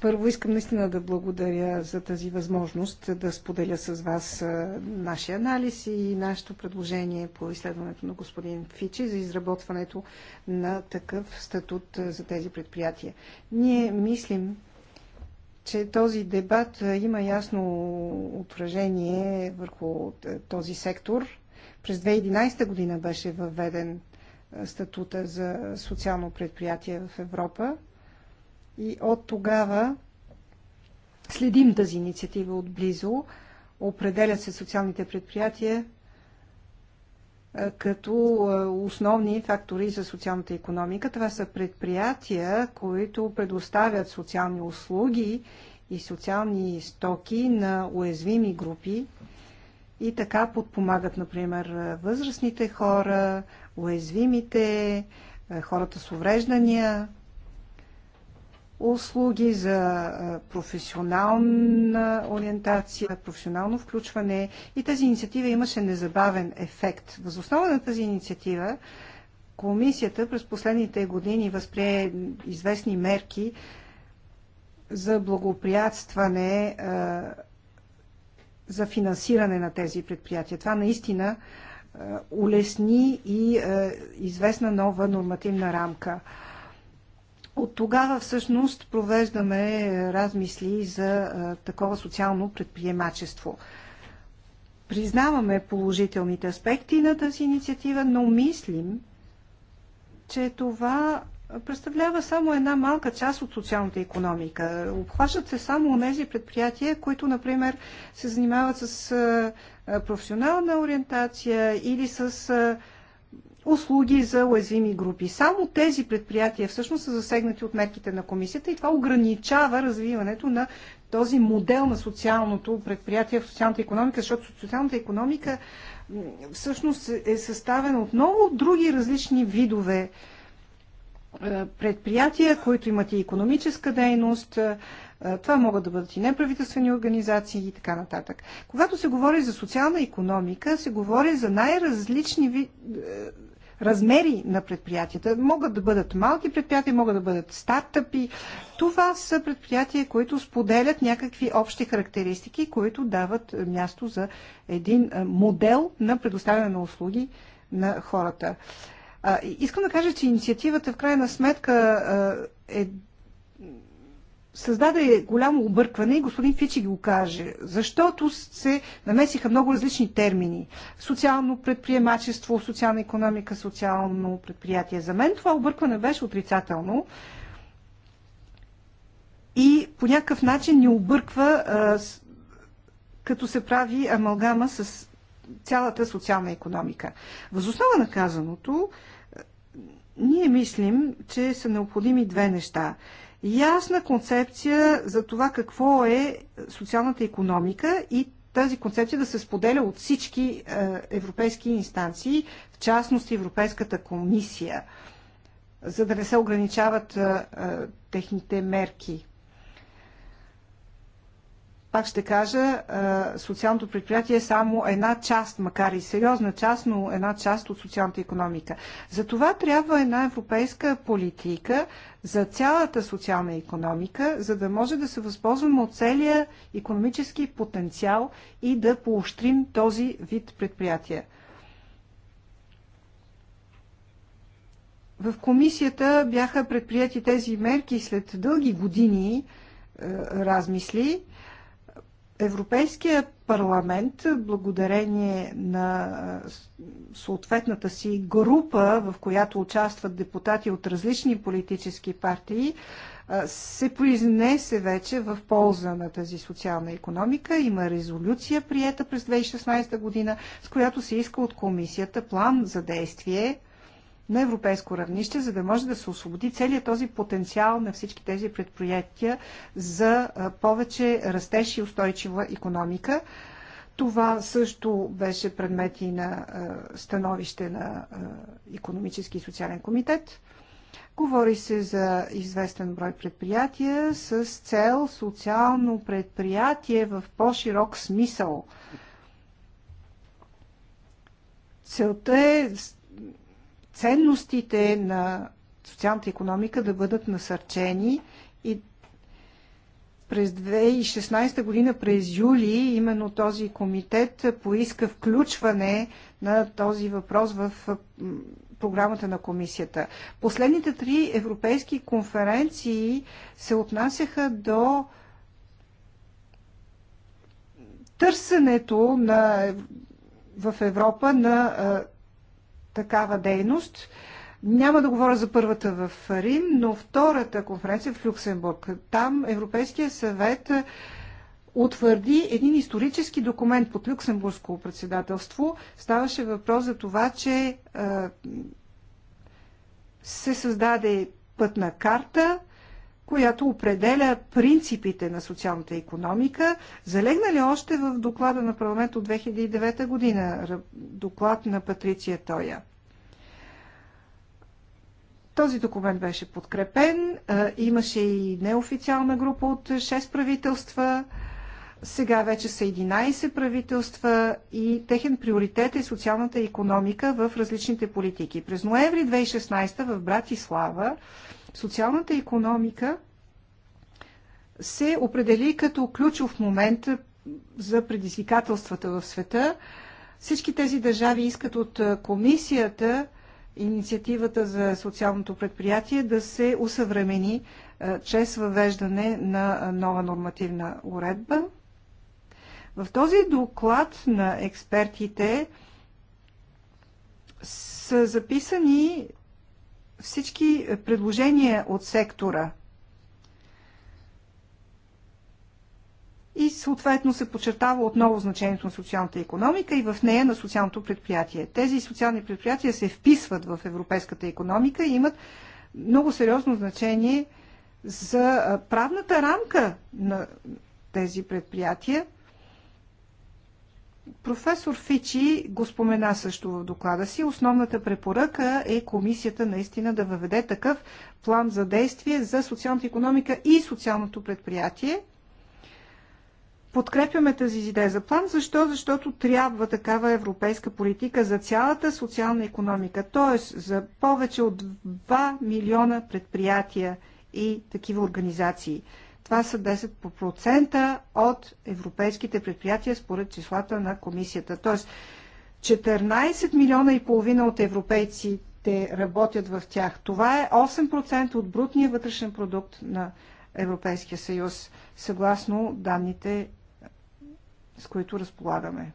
Първо искам наистина да благодаря за тази възможност да споделя с вас нашия анализ и нашето предложение по изследването на господин Фичи за изработването на такъв статут за тези предприятия. Ние мислим, че този дебат има ясно отражение върху този сектор. През 2011 година беше въведен статута за социално предприятие в Европа и от тогава следим тази инициатива отблизо. Определят се социалните предприятия е, като е, основни фактори за социалната економика. Това са предприятия, които предоставят социални услуги и социални стоки на уязвими групи и така подпомагат, например, възрастните хора, уязвимите, е, хората с увреждания, услуги за професионална ориентация, професионално включване и тази инициатива имаше незабавен ефект. Възоснова на тази инициатива Комисията през последните години възприе известни мерки за благоприятстване за финансиране на тези предприятия. Това наистина улесни и известна нова нормативна рамка. От тогава всъщност провеждаме размисли за такова социално предприемачество. Признаваме положителните аспекти на тази инициатива, но мислим, че това представлява само една малка част от социалната економика. Обхващат се само тези предприятия, които, например, се занимават с професионална ориентация или с услуги за уязвими групи. Само тези предприятия всъщност са засегнати от мерките на комисията и това ограничава развиването на този модел на социалното предприятие в социалната економика, защото социалната економика всъщност е съставена от много други различни видове е, предприятия, които имат и економическа дейност, е, това могат да бъдат и неправителствени организации и така нататък. Когато се говори за социална економика, се говори за най-различни е, размери на предприятията. Могат да бъдат малки предприятия, могат да бъдат стартъпи. Това са предприятия, които споделят някакви общи характеристики, които дават място за един модел на предоставяне на услуги на хората. Искам да кажа, че инициативата в крайна сметка е създаде голямо объркване и господин Фичи го каже, защото се намесиха много различни термини. Социално предприемачество, социална економика, социално предприятие. За мен това объркване беше отрицателно и по някакъв начин ни обърква, като се прави амалгама с цялата социална економика. Възоснова на казаното, ние мислим, че са необходими две неща – ясна концепция за това какво е социалната економика и тази концепция да се споделя от всички е, европейски инстанции, в частност Европейската комисия, за да не се ограничават е, е, техните мерки. Пак ще кажа, социалното предприятие е само една част, макар и сериозна част, но една част от социалната економика. За това трябва една европейска политика за цялата социална економика, за да може да се възползваме от целия економически потенциал и да поощрим този вид предприятия. В комисията бяха предприяти тези мерки след дълги години размисли. Европейския парламент, благодарение на съответната си група, в която участват депутати от различни политически партии, се произнесе вече в полза на тази социална економика. Има резолюция, приета през 2016 година, с която се иска от комисията план за действие – на европейско равнище, за да може да се освободи целият този потенциал на всички тези предприятия за повече растеж и устойчива економика. Това също беше предмет и на становище на економически и социален комитет. Говори се за известен брой предприятия с цел социално предприятие в по-широк смисъл. Целта е ценностите на социалната економика да бъдат насърчени и през 2016 година, през юли, именно този комитет поиска включване на този въпрос в програмата на комисията. Последните три европейски конференции се отнасяха до търсенето на, в Европа на такава дейност. Няма да говоря за първата в Рим, но втората конференция в Люксембург. Там Европейския съвет утвърди един исторически документ под люксембургско председателство. Ставаше въпрос за това, че се създаде пътна карта, която определя принципите на социалната економика, залегнали още в доклада на парламент от 2009 година, доклад на Патриция Тоя. Този документ беше подкрепен, имаше и неофициална група от 6 правителства, сега вече са 11 правителства и техен приоритет е социалната економика в различните политики. През ноември 2016 в Братислава социалната економика се определи като ключов момент за предизвикателствата в света. Всички тези държави искат от комисията инициативата за социалното предприятие да се усъвремени е, чрез въвеждане на нова нормативна уредба. В този доклад на експертите са записани всички предложения от сектора и съответно се подчертава отново значението на социалната економика и в нея на социалното предприятие. Тези социални предприятия се вписват в европейската економика и имат много сериозно значение за правната рамка на тези предприятия Професор Фичи го спомена също в доклада си. Основната препоръка е комисията наистина да въведе такъв план за действие за социалната економика и социалното предприятие. Подкрепяме тази идея за план. Защо? Защото трябва такава европейска политика за цялата социална економика, т.е. за повече от 2 милиона предприятия и такива организации – това са 10% от европейските предприятия според числата на комисията. Тоест 14 милиона и половина от европейците работят в тях. Това е 8% от брутния вътрешен продукт на Европейския съюз, съгласно данните, с които разполагаме.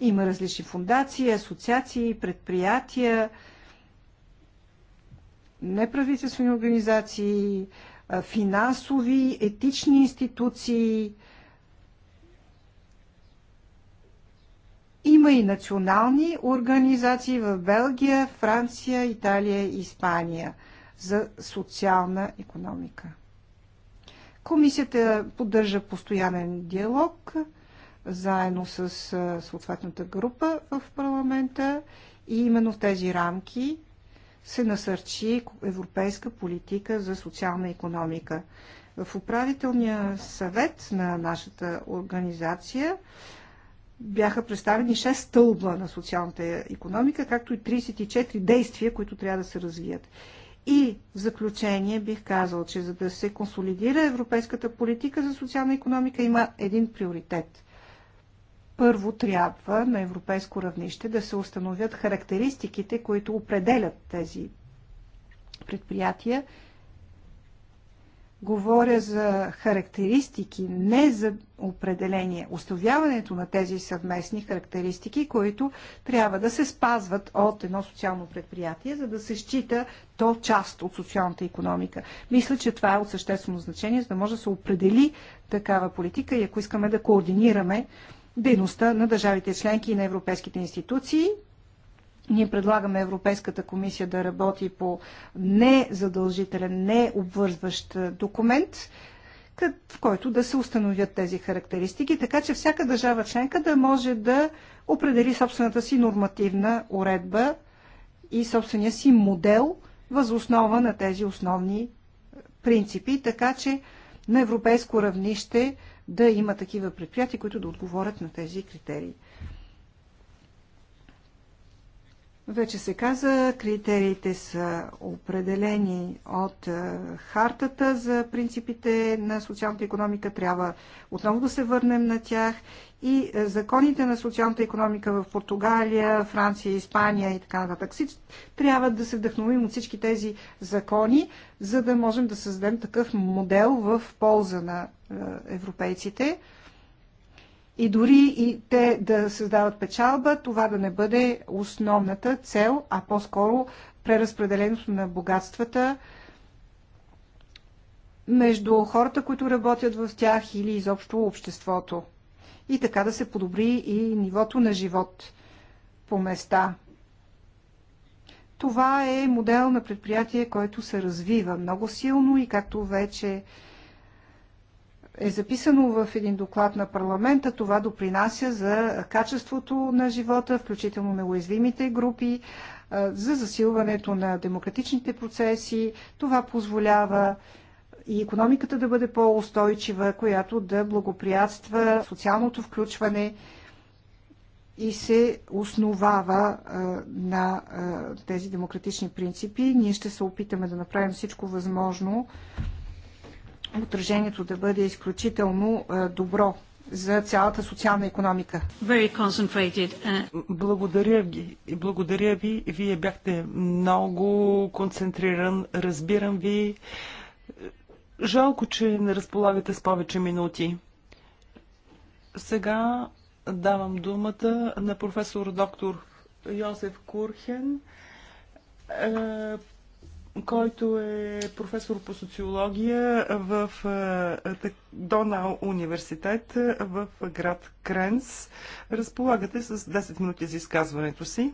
Има различни фундации, асоциации, предприятия, неправителствени организации, финансови, етични институции. Има и национални организации в Белгия, Франция, Италия и Испания за социална економика. Комисията поддържа постоянен диалог заедно с съответната група в парламента и именно в тези рамки се насърчи европейска политика за социална економика. В управителния съвет на нашата организация бяха представени 6 стълба на социалната економика, както и 34 действия, които трябва да се развият. И в заключение бих казал, че за да се консолидира европейската политика за социална економика има един приоритет първо трябва на европейско равнище да се установят характеристиките, които определят тези предприятия. Говоря за характеристики, не за определение. Оставяването на тези съвместни характеристики, които трябва да се спазват от едно социално предприятие, за да се счита то част от социалната економика. Мисля, че това е от съществено значение, за да може да се определи такава политика и ако искаме да координираме дейността на държавите членки и на европейските институции. Ние предлагаме Европейската комисия да работи по незадължителен, необвързващ е, документ, в който да се установят тези характеристики, така че всяка държава членка да може да определи собствената си нормативна уредба и собствения си модел възоснова на тези основни е, принципи, така че на европейско равнище да има такива предприятия, които да отговорят на тези критерии. Вече се каза, критериите са определени от е, хартата за принципите на социалната економика. Трябва отново да се върнем на тях. И е, законите на социалната економика в Португалия, Франция, Испания и така нататък. Трябва да се вдъхновим от всички тези закони, за да можем да създадем такъв модел в полза на е, европейците. И дори и те да създават печалба, това да не бъде основната цел, а по-скоро преразпределението на богатствата между хората, които работят в тях или изобщо обществото. И така да се подобри и нивото на живот по места. Това е модел на предприятие, който се развива много силно и както вече е записано в един доклад на парламента, това допринася за качеството на живота, включително на уязвимите групи, за засилването на демократичните процеси. Това позволява и економиката да бъде по-устойчива, която да благоприятства социалното включване и се основава а, на а, тези демократични принципи. Ние ще се опитаме да направим всичко възможно отражението да бъде изключително добро за цялата социална економика. Благодаря ви. Благодаря ви. Вие бяхте много концентриран. Разбирам ви. Жалко, че не разполагате с повече минути. Сега давам думата на професор доктор Йосеф Курхен, който е професор по социология в е, е, Донал университет е, в град Кренс. Разполагате с 10 минути за изказването си.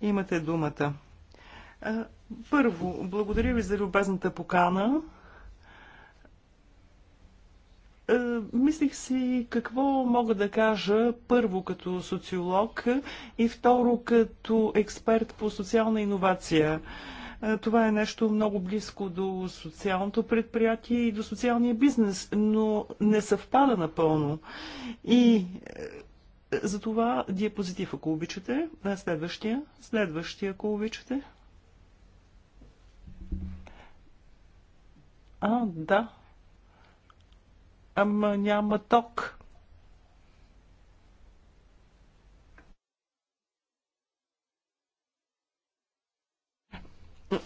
Имате думата. Първо, благодаря ви за любезната покана. Мислих си какво мога да кажа първо като социолог и второ като експерт по социална иновация. Е, това е нещо много близко до социалното предприятие и до социалния бизнес, но не съвпада напълно. И е, за това диапозитив, ако обичате. Е, следващия. Следващия, ако обичате. А, да. Ама няма ток.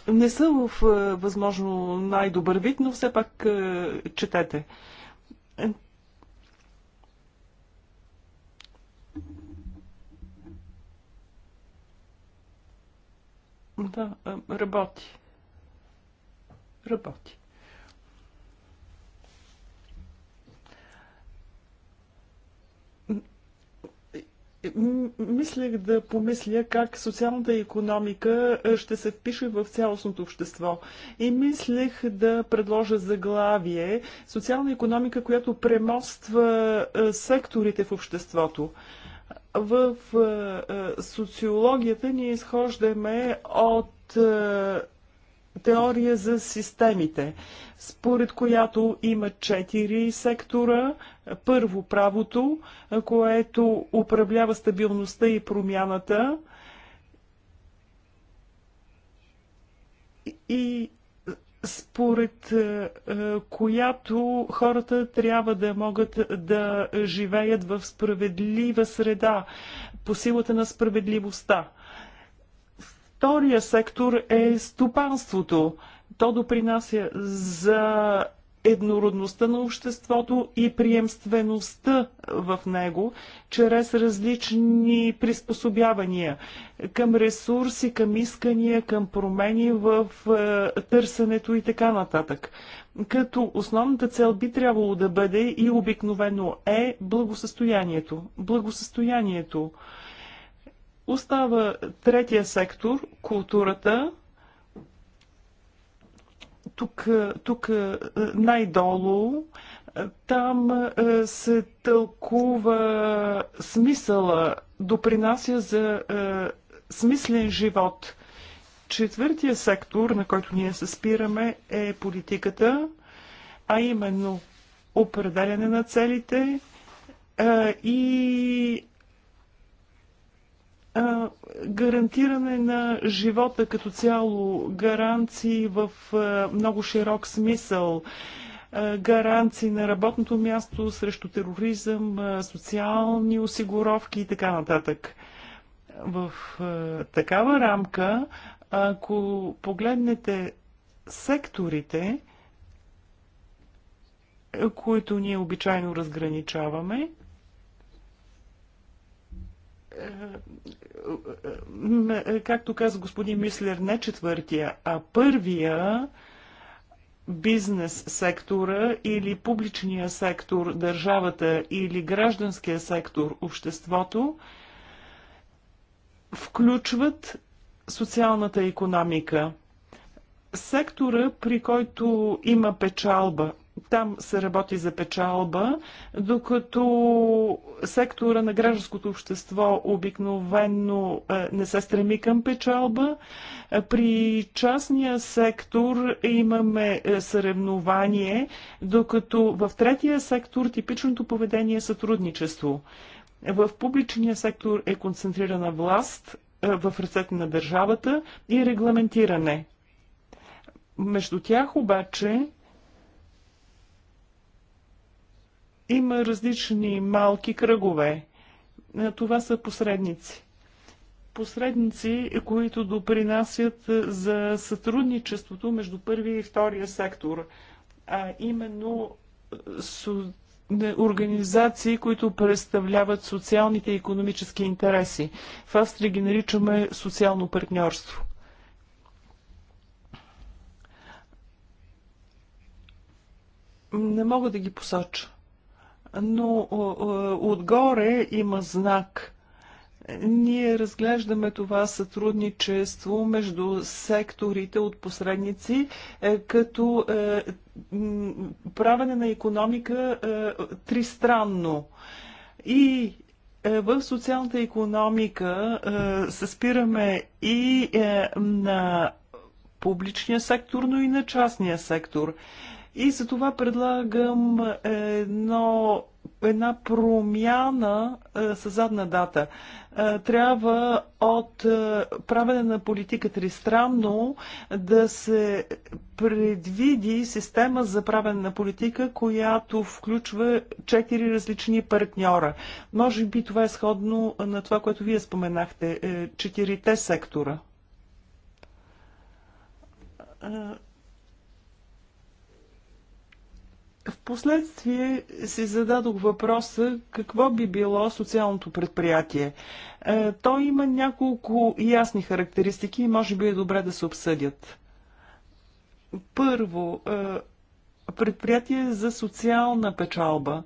не са в е, възможно най-добър вид, но все пак е, четете. Е, да, работи. Работи. мислех да помисля как социалната економика ще се впише в цялостното общество. И мислех да предложа заглавие социална економика, която премоства секторите в обществото. В социологията ние изхождаме от теория за системите, според която има четири сектора първо правото, което управлява стабилността и промяната и според е, която хората трябва да могат да живеят в справедлива среда, по силата на справедливостта. Втория сектор е стопанството. То допринася за еднородността на обществото и приемствеността в него, чрез различни приспособявания към ресурси, към искания, към промени в е, търсенето и така нататък. Като основната цел би трябвало да бъде и обикновено е благосъстоянието. Благосъстоянието. Остава третия сектор културата тук, тук е, най-долу е, там е, се тълкува смисъла, допринася за смислен живот. Четвъртия сектор, на който ние се спираме, е политиката, а именно определяне на целите и гарантиране на живота като цяло, гаранции в е, много широк смисъл, е, гаранции на работното място срещу тероризъм, е, социални осигуровки и така нататък. В такава рамка, ако погледнете секторите, които ние обичайно разграничаваме, както каза господин Мислер, не четвъртия, а първия бизнес сектора или публичния сектор, държавата или гражданския сектор, обществото, включват социалната економика. Сектора, при който има печалба, там се работи за печалба, докато сектора на гражданското общество обикновенно е, не се стреми към печалба. При частния сектор имаме е, съревнование, докато в третия сектор типичното поведение е сътрудничество. В публичния сектор е концентрирана власт е, в ръцете на държавата и регламентиране. Между тях обаче Има различни малки кръгове. Е, това са посредници. Посредници, които допринасят е, за сътрудничеството между първия и втория сектор, а именно е, со... организации, които представляват социалните и економически интереси. В Австрия ги наричаме социално партньорство. Не мога да ги посоча но отгоре има знак. Ние разглеждаме това сътрудничество между секторите от посредници е, като е, правене на економика е, тристранно. И в социалната економика се спираме и на публичния сектор, но и на частния сектор. И за това предлагам едно, една промяна е, с задна дата. Е, трябва от е, правене на политика тристранно да се предвиди система за правене на политика, която включва четири различни партньора. Може би това е сходно на това, което вие споменахте. Е, четирите сектора. В последствие си зададох въпроса какво би било социалното предприятие. Е, то има няколко ясни характеристики и може би е добре да се обсъдят. Първо, е, предприятие за социална печалба.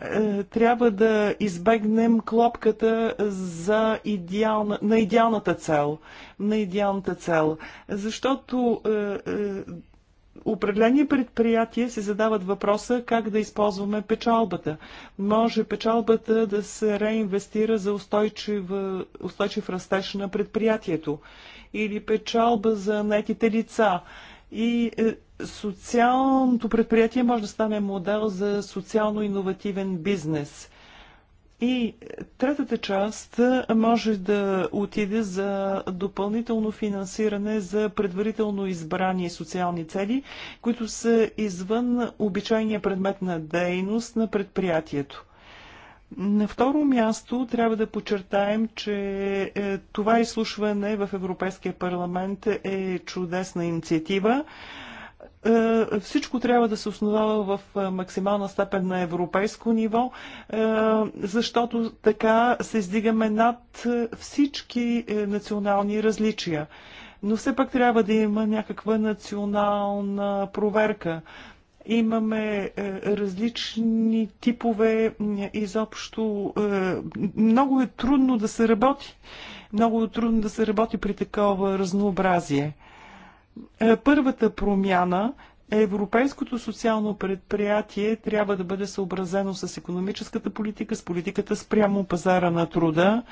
Е, трябва да избегнем клопката за идеална, на идеалната цел. На идеалната цел. Защото определени предприятия се задават въпроса как да използваме печалбата. Може печалбата да се реинвестира за устойчив, устойчив растеж на предприятието или печалба за нетите лица. И е, социалното предприятие може да стане модел за социално-инновативен бизнес. И третата част може да отиде за допълнително финансиране за предварително избрани социални цели, които са извън обичайния предмет на дейност на предприятието. На второ място трябва да подчертаем, че е, това изслушване в Европейския парламент е чудесна инициатива. Е, всичко трябва да се основава в е, максимална степен на европейско ниво, е, защото така се издигаме над всички национални различия. Но все пак трябва да има някаква национална проверка имаме различни типове, изобщо много е трудно да се работи. Много е трудно да се работи при такова разнообразие. Е, първата промяна е Европейското социално предприятие трябва да бъде съобразено с економическата политика, с политиката спрямо пазара на труда,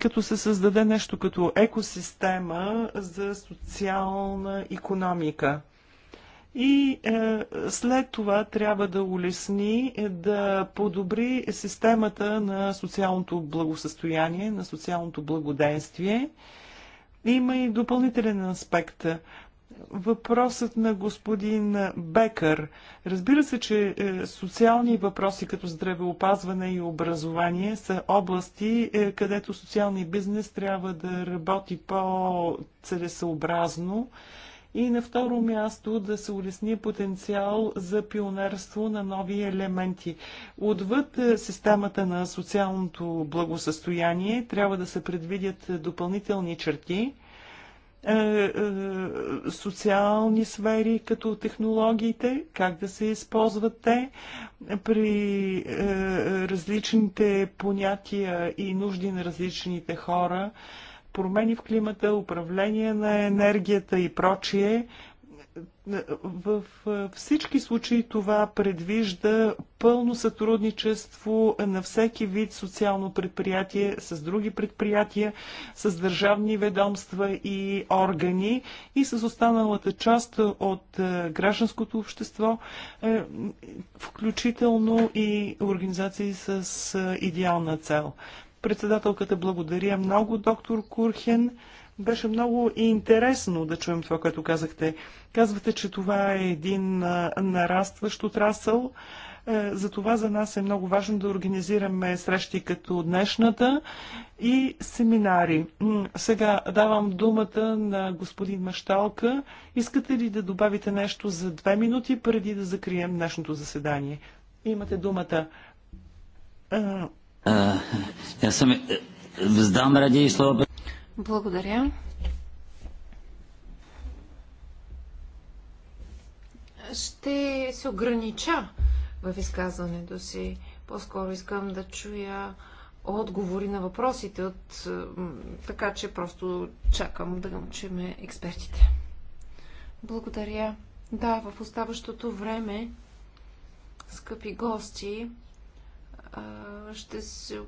като се създаде нещо като екосистема за социална економика. И е, след това трябва да улесни, е, да подобри системата на социалното благосъстояние, на социалното благоденствие. Има и допълнителен аспект въпросът на господин Бекър. Разбира се, че е, социални въпроси като здравеопазване и образование са области, е, където социалния бизнес трябва да работи по-целесообразно и на второ място да се улесни потенциал за пионерство на нови елементи. Отвъд е, системата на социалното благосъстояние трябва да се предвидят допълнителни черти, е, е, социални сфери, като технологиите, как да се използват те при е, различните понятия и нужди на различните хора, промени в климата, управление на енергията и прочие, в всички случаи това предвижда пълно сътрудничество на всеки вид социално предприятие с други предприятия, с държавни ведомства и органи и с останалата част от гражданското общество, е, включително и организации с идеална цел. Председателката благодаря много, доктор Курхен. Беше много интересно да чуем това, което казахте. Казвате, че това е един нарастващ отрасъл. Е, Затова за нас е много важно да организираме срещи като днешната и семинари. Сега давам думата на господин Машталка. Искате ли да добавите нещо за две минути преди да закрием днешното заседание? Имате думата. Я е, е, съм... Вздам ради и слово. Благодаря. Ще се огранича в изказването си. По-скоро искам да чуя отговори на въпросите от... Така че просто чакам да научим експертите. Благодаря. Да, в оставащото време, скъпи гости, ще се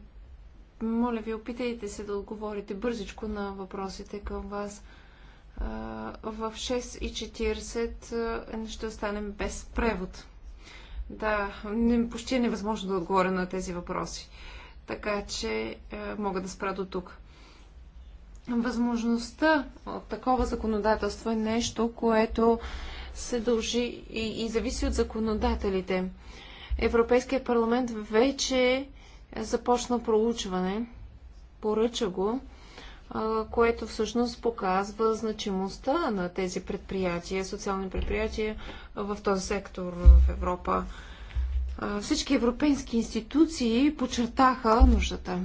моля ви, опитайте се да отговорите бързичко на въпросите към вас. В 6.40 ще останем без превод. Да, почти е невъзможно да отговоря на тези въпроси. Така че мога да спра до тук. Възможността от такова законодателство е нещо, което се дължи и, и зависи от законодателите. Европейският парламент вече е започна проучване, поръча го, което всъщност показва значимостта на тези предприятия, социални предприятия в този сектор в Европа. Всички европейски институции подчертаха нуждата.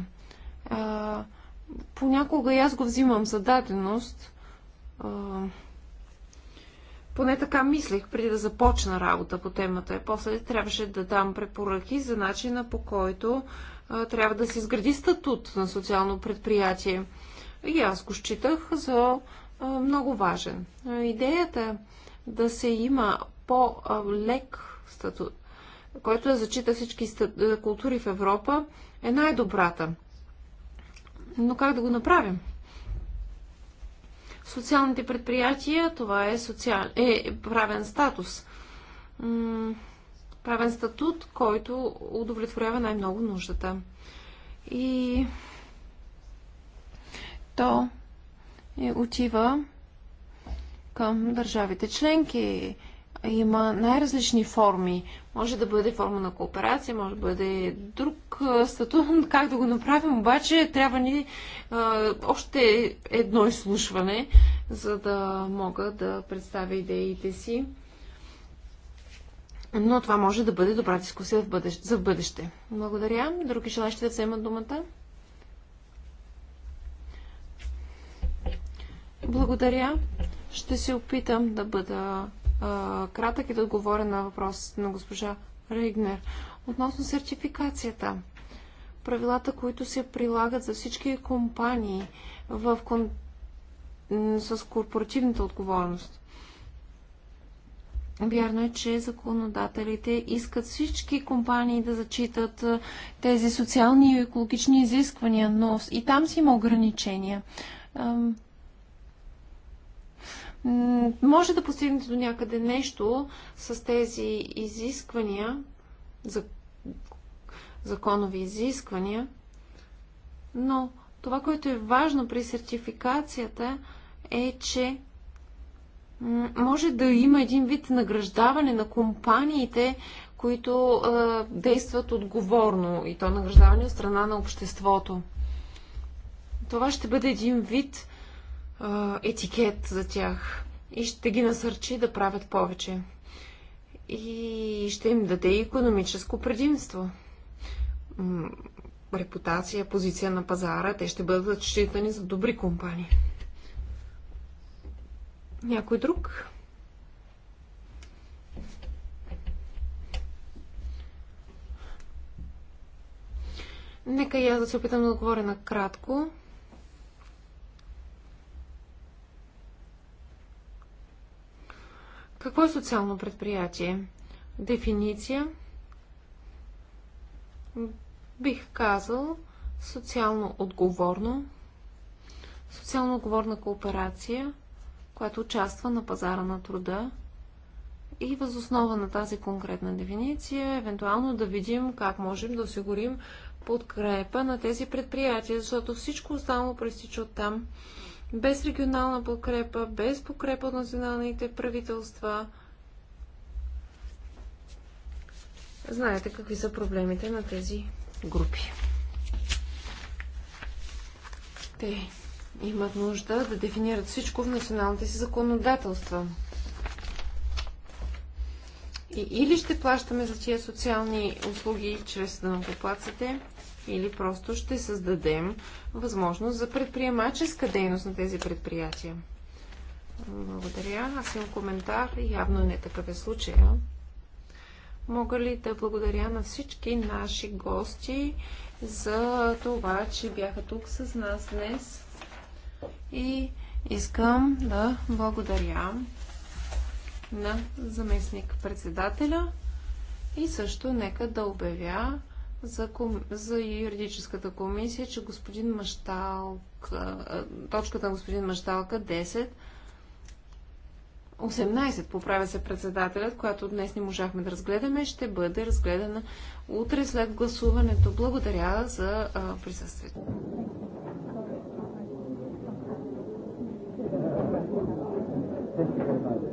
Понякога и аз го взимам за даденост, поне така мислех преди да започна работа по темата. После трябваше да дам препоръки за начина по който а, трябва да се изгради статут на социално предприятие. И аз го считах за а, много важен. Идеята да се има по-лек статут, който да зачита всички култури в Европа, е най-добрата. Но как да го направим? социалните предприятия, това е, социал... е правен статус. Правен статут, който удовлетворява най-много нуждата. И то е, отива към държавите членки. Има най-различни форми може да бъде форма на кооперация, може да бъде друг статут. *laughs* Как да го направим? Обаче трябва ни а, още едно изслушване, за да мога да представя идеите си. Но това може да бъде добра дискусия в бъдеще, за в бъдеще. Благодаря. Други желащи да вземат думата? Благодаря. Ще се опитам да бъда кратък и да отговоря на въпрос на госпожа Рейгнер. Относно сертификацията, правилата, които се прилагат за всички компании в кон... с корпоративната отговорност. Вярно е, че законодателите искат всички компании да зачитат тези социални и екологични изисквания, но и там си има ограничения може да постигнете до някъде нещо с тези изисквания, за, законови изисквания, но това, което е важно при сертификацията е, че може да има един вид награждаване на компаниите, които е, действат отговорно и то награждаване от страна на обществото. Това ще бъде един вид етикет за тях и ще ги насърчи да правят повече. И ще им даде економическо предимство. Репутация, позиция на пазара, те ще бъдат считани за добри компании. Някой друг? Нека и аз да се опитам да отговоря на кратко. Какво е социално предприятие? Дефиниция. Бих казал социално отговорно. Социално отговорна кооперация, която участва на пазара на труда и възоснова на тази конкретна дефиниция, евентуално да видим как можем да осигурим подкрепа на тези предприятия, защото всичко останало проистича от там без регионална подкрепа, без подкрепа от националните правителства. Знаете какви са проблемите на тези групи. Те имат нужда да дефинират всичко в националните си законодателства. И или ще плащаме за тия социални услуги чрез наукоплаците или просто ще създадем възможност за предприемаческа дейност на тези предприятия. Благодаря. Аз имам коментар. Явно не такъв е случая. Мога ли да благодаря на всички наши гости за това, че бяха тук с нас днес. И искам да благодаря на заместник председателя и също нека да обявя за, ком... за юридическата комисия, че господин Машталка, точката на господин Машталка 10, 18 поправя се председателят, която днес не можахме да разгледаме, ще бъде разгледана утре след гласуването. Благодаря за присъствието. Thank you very much.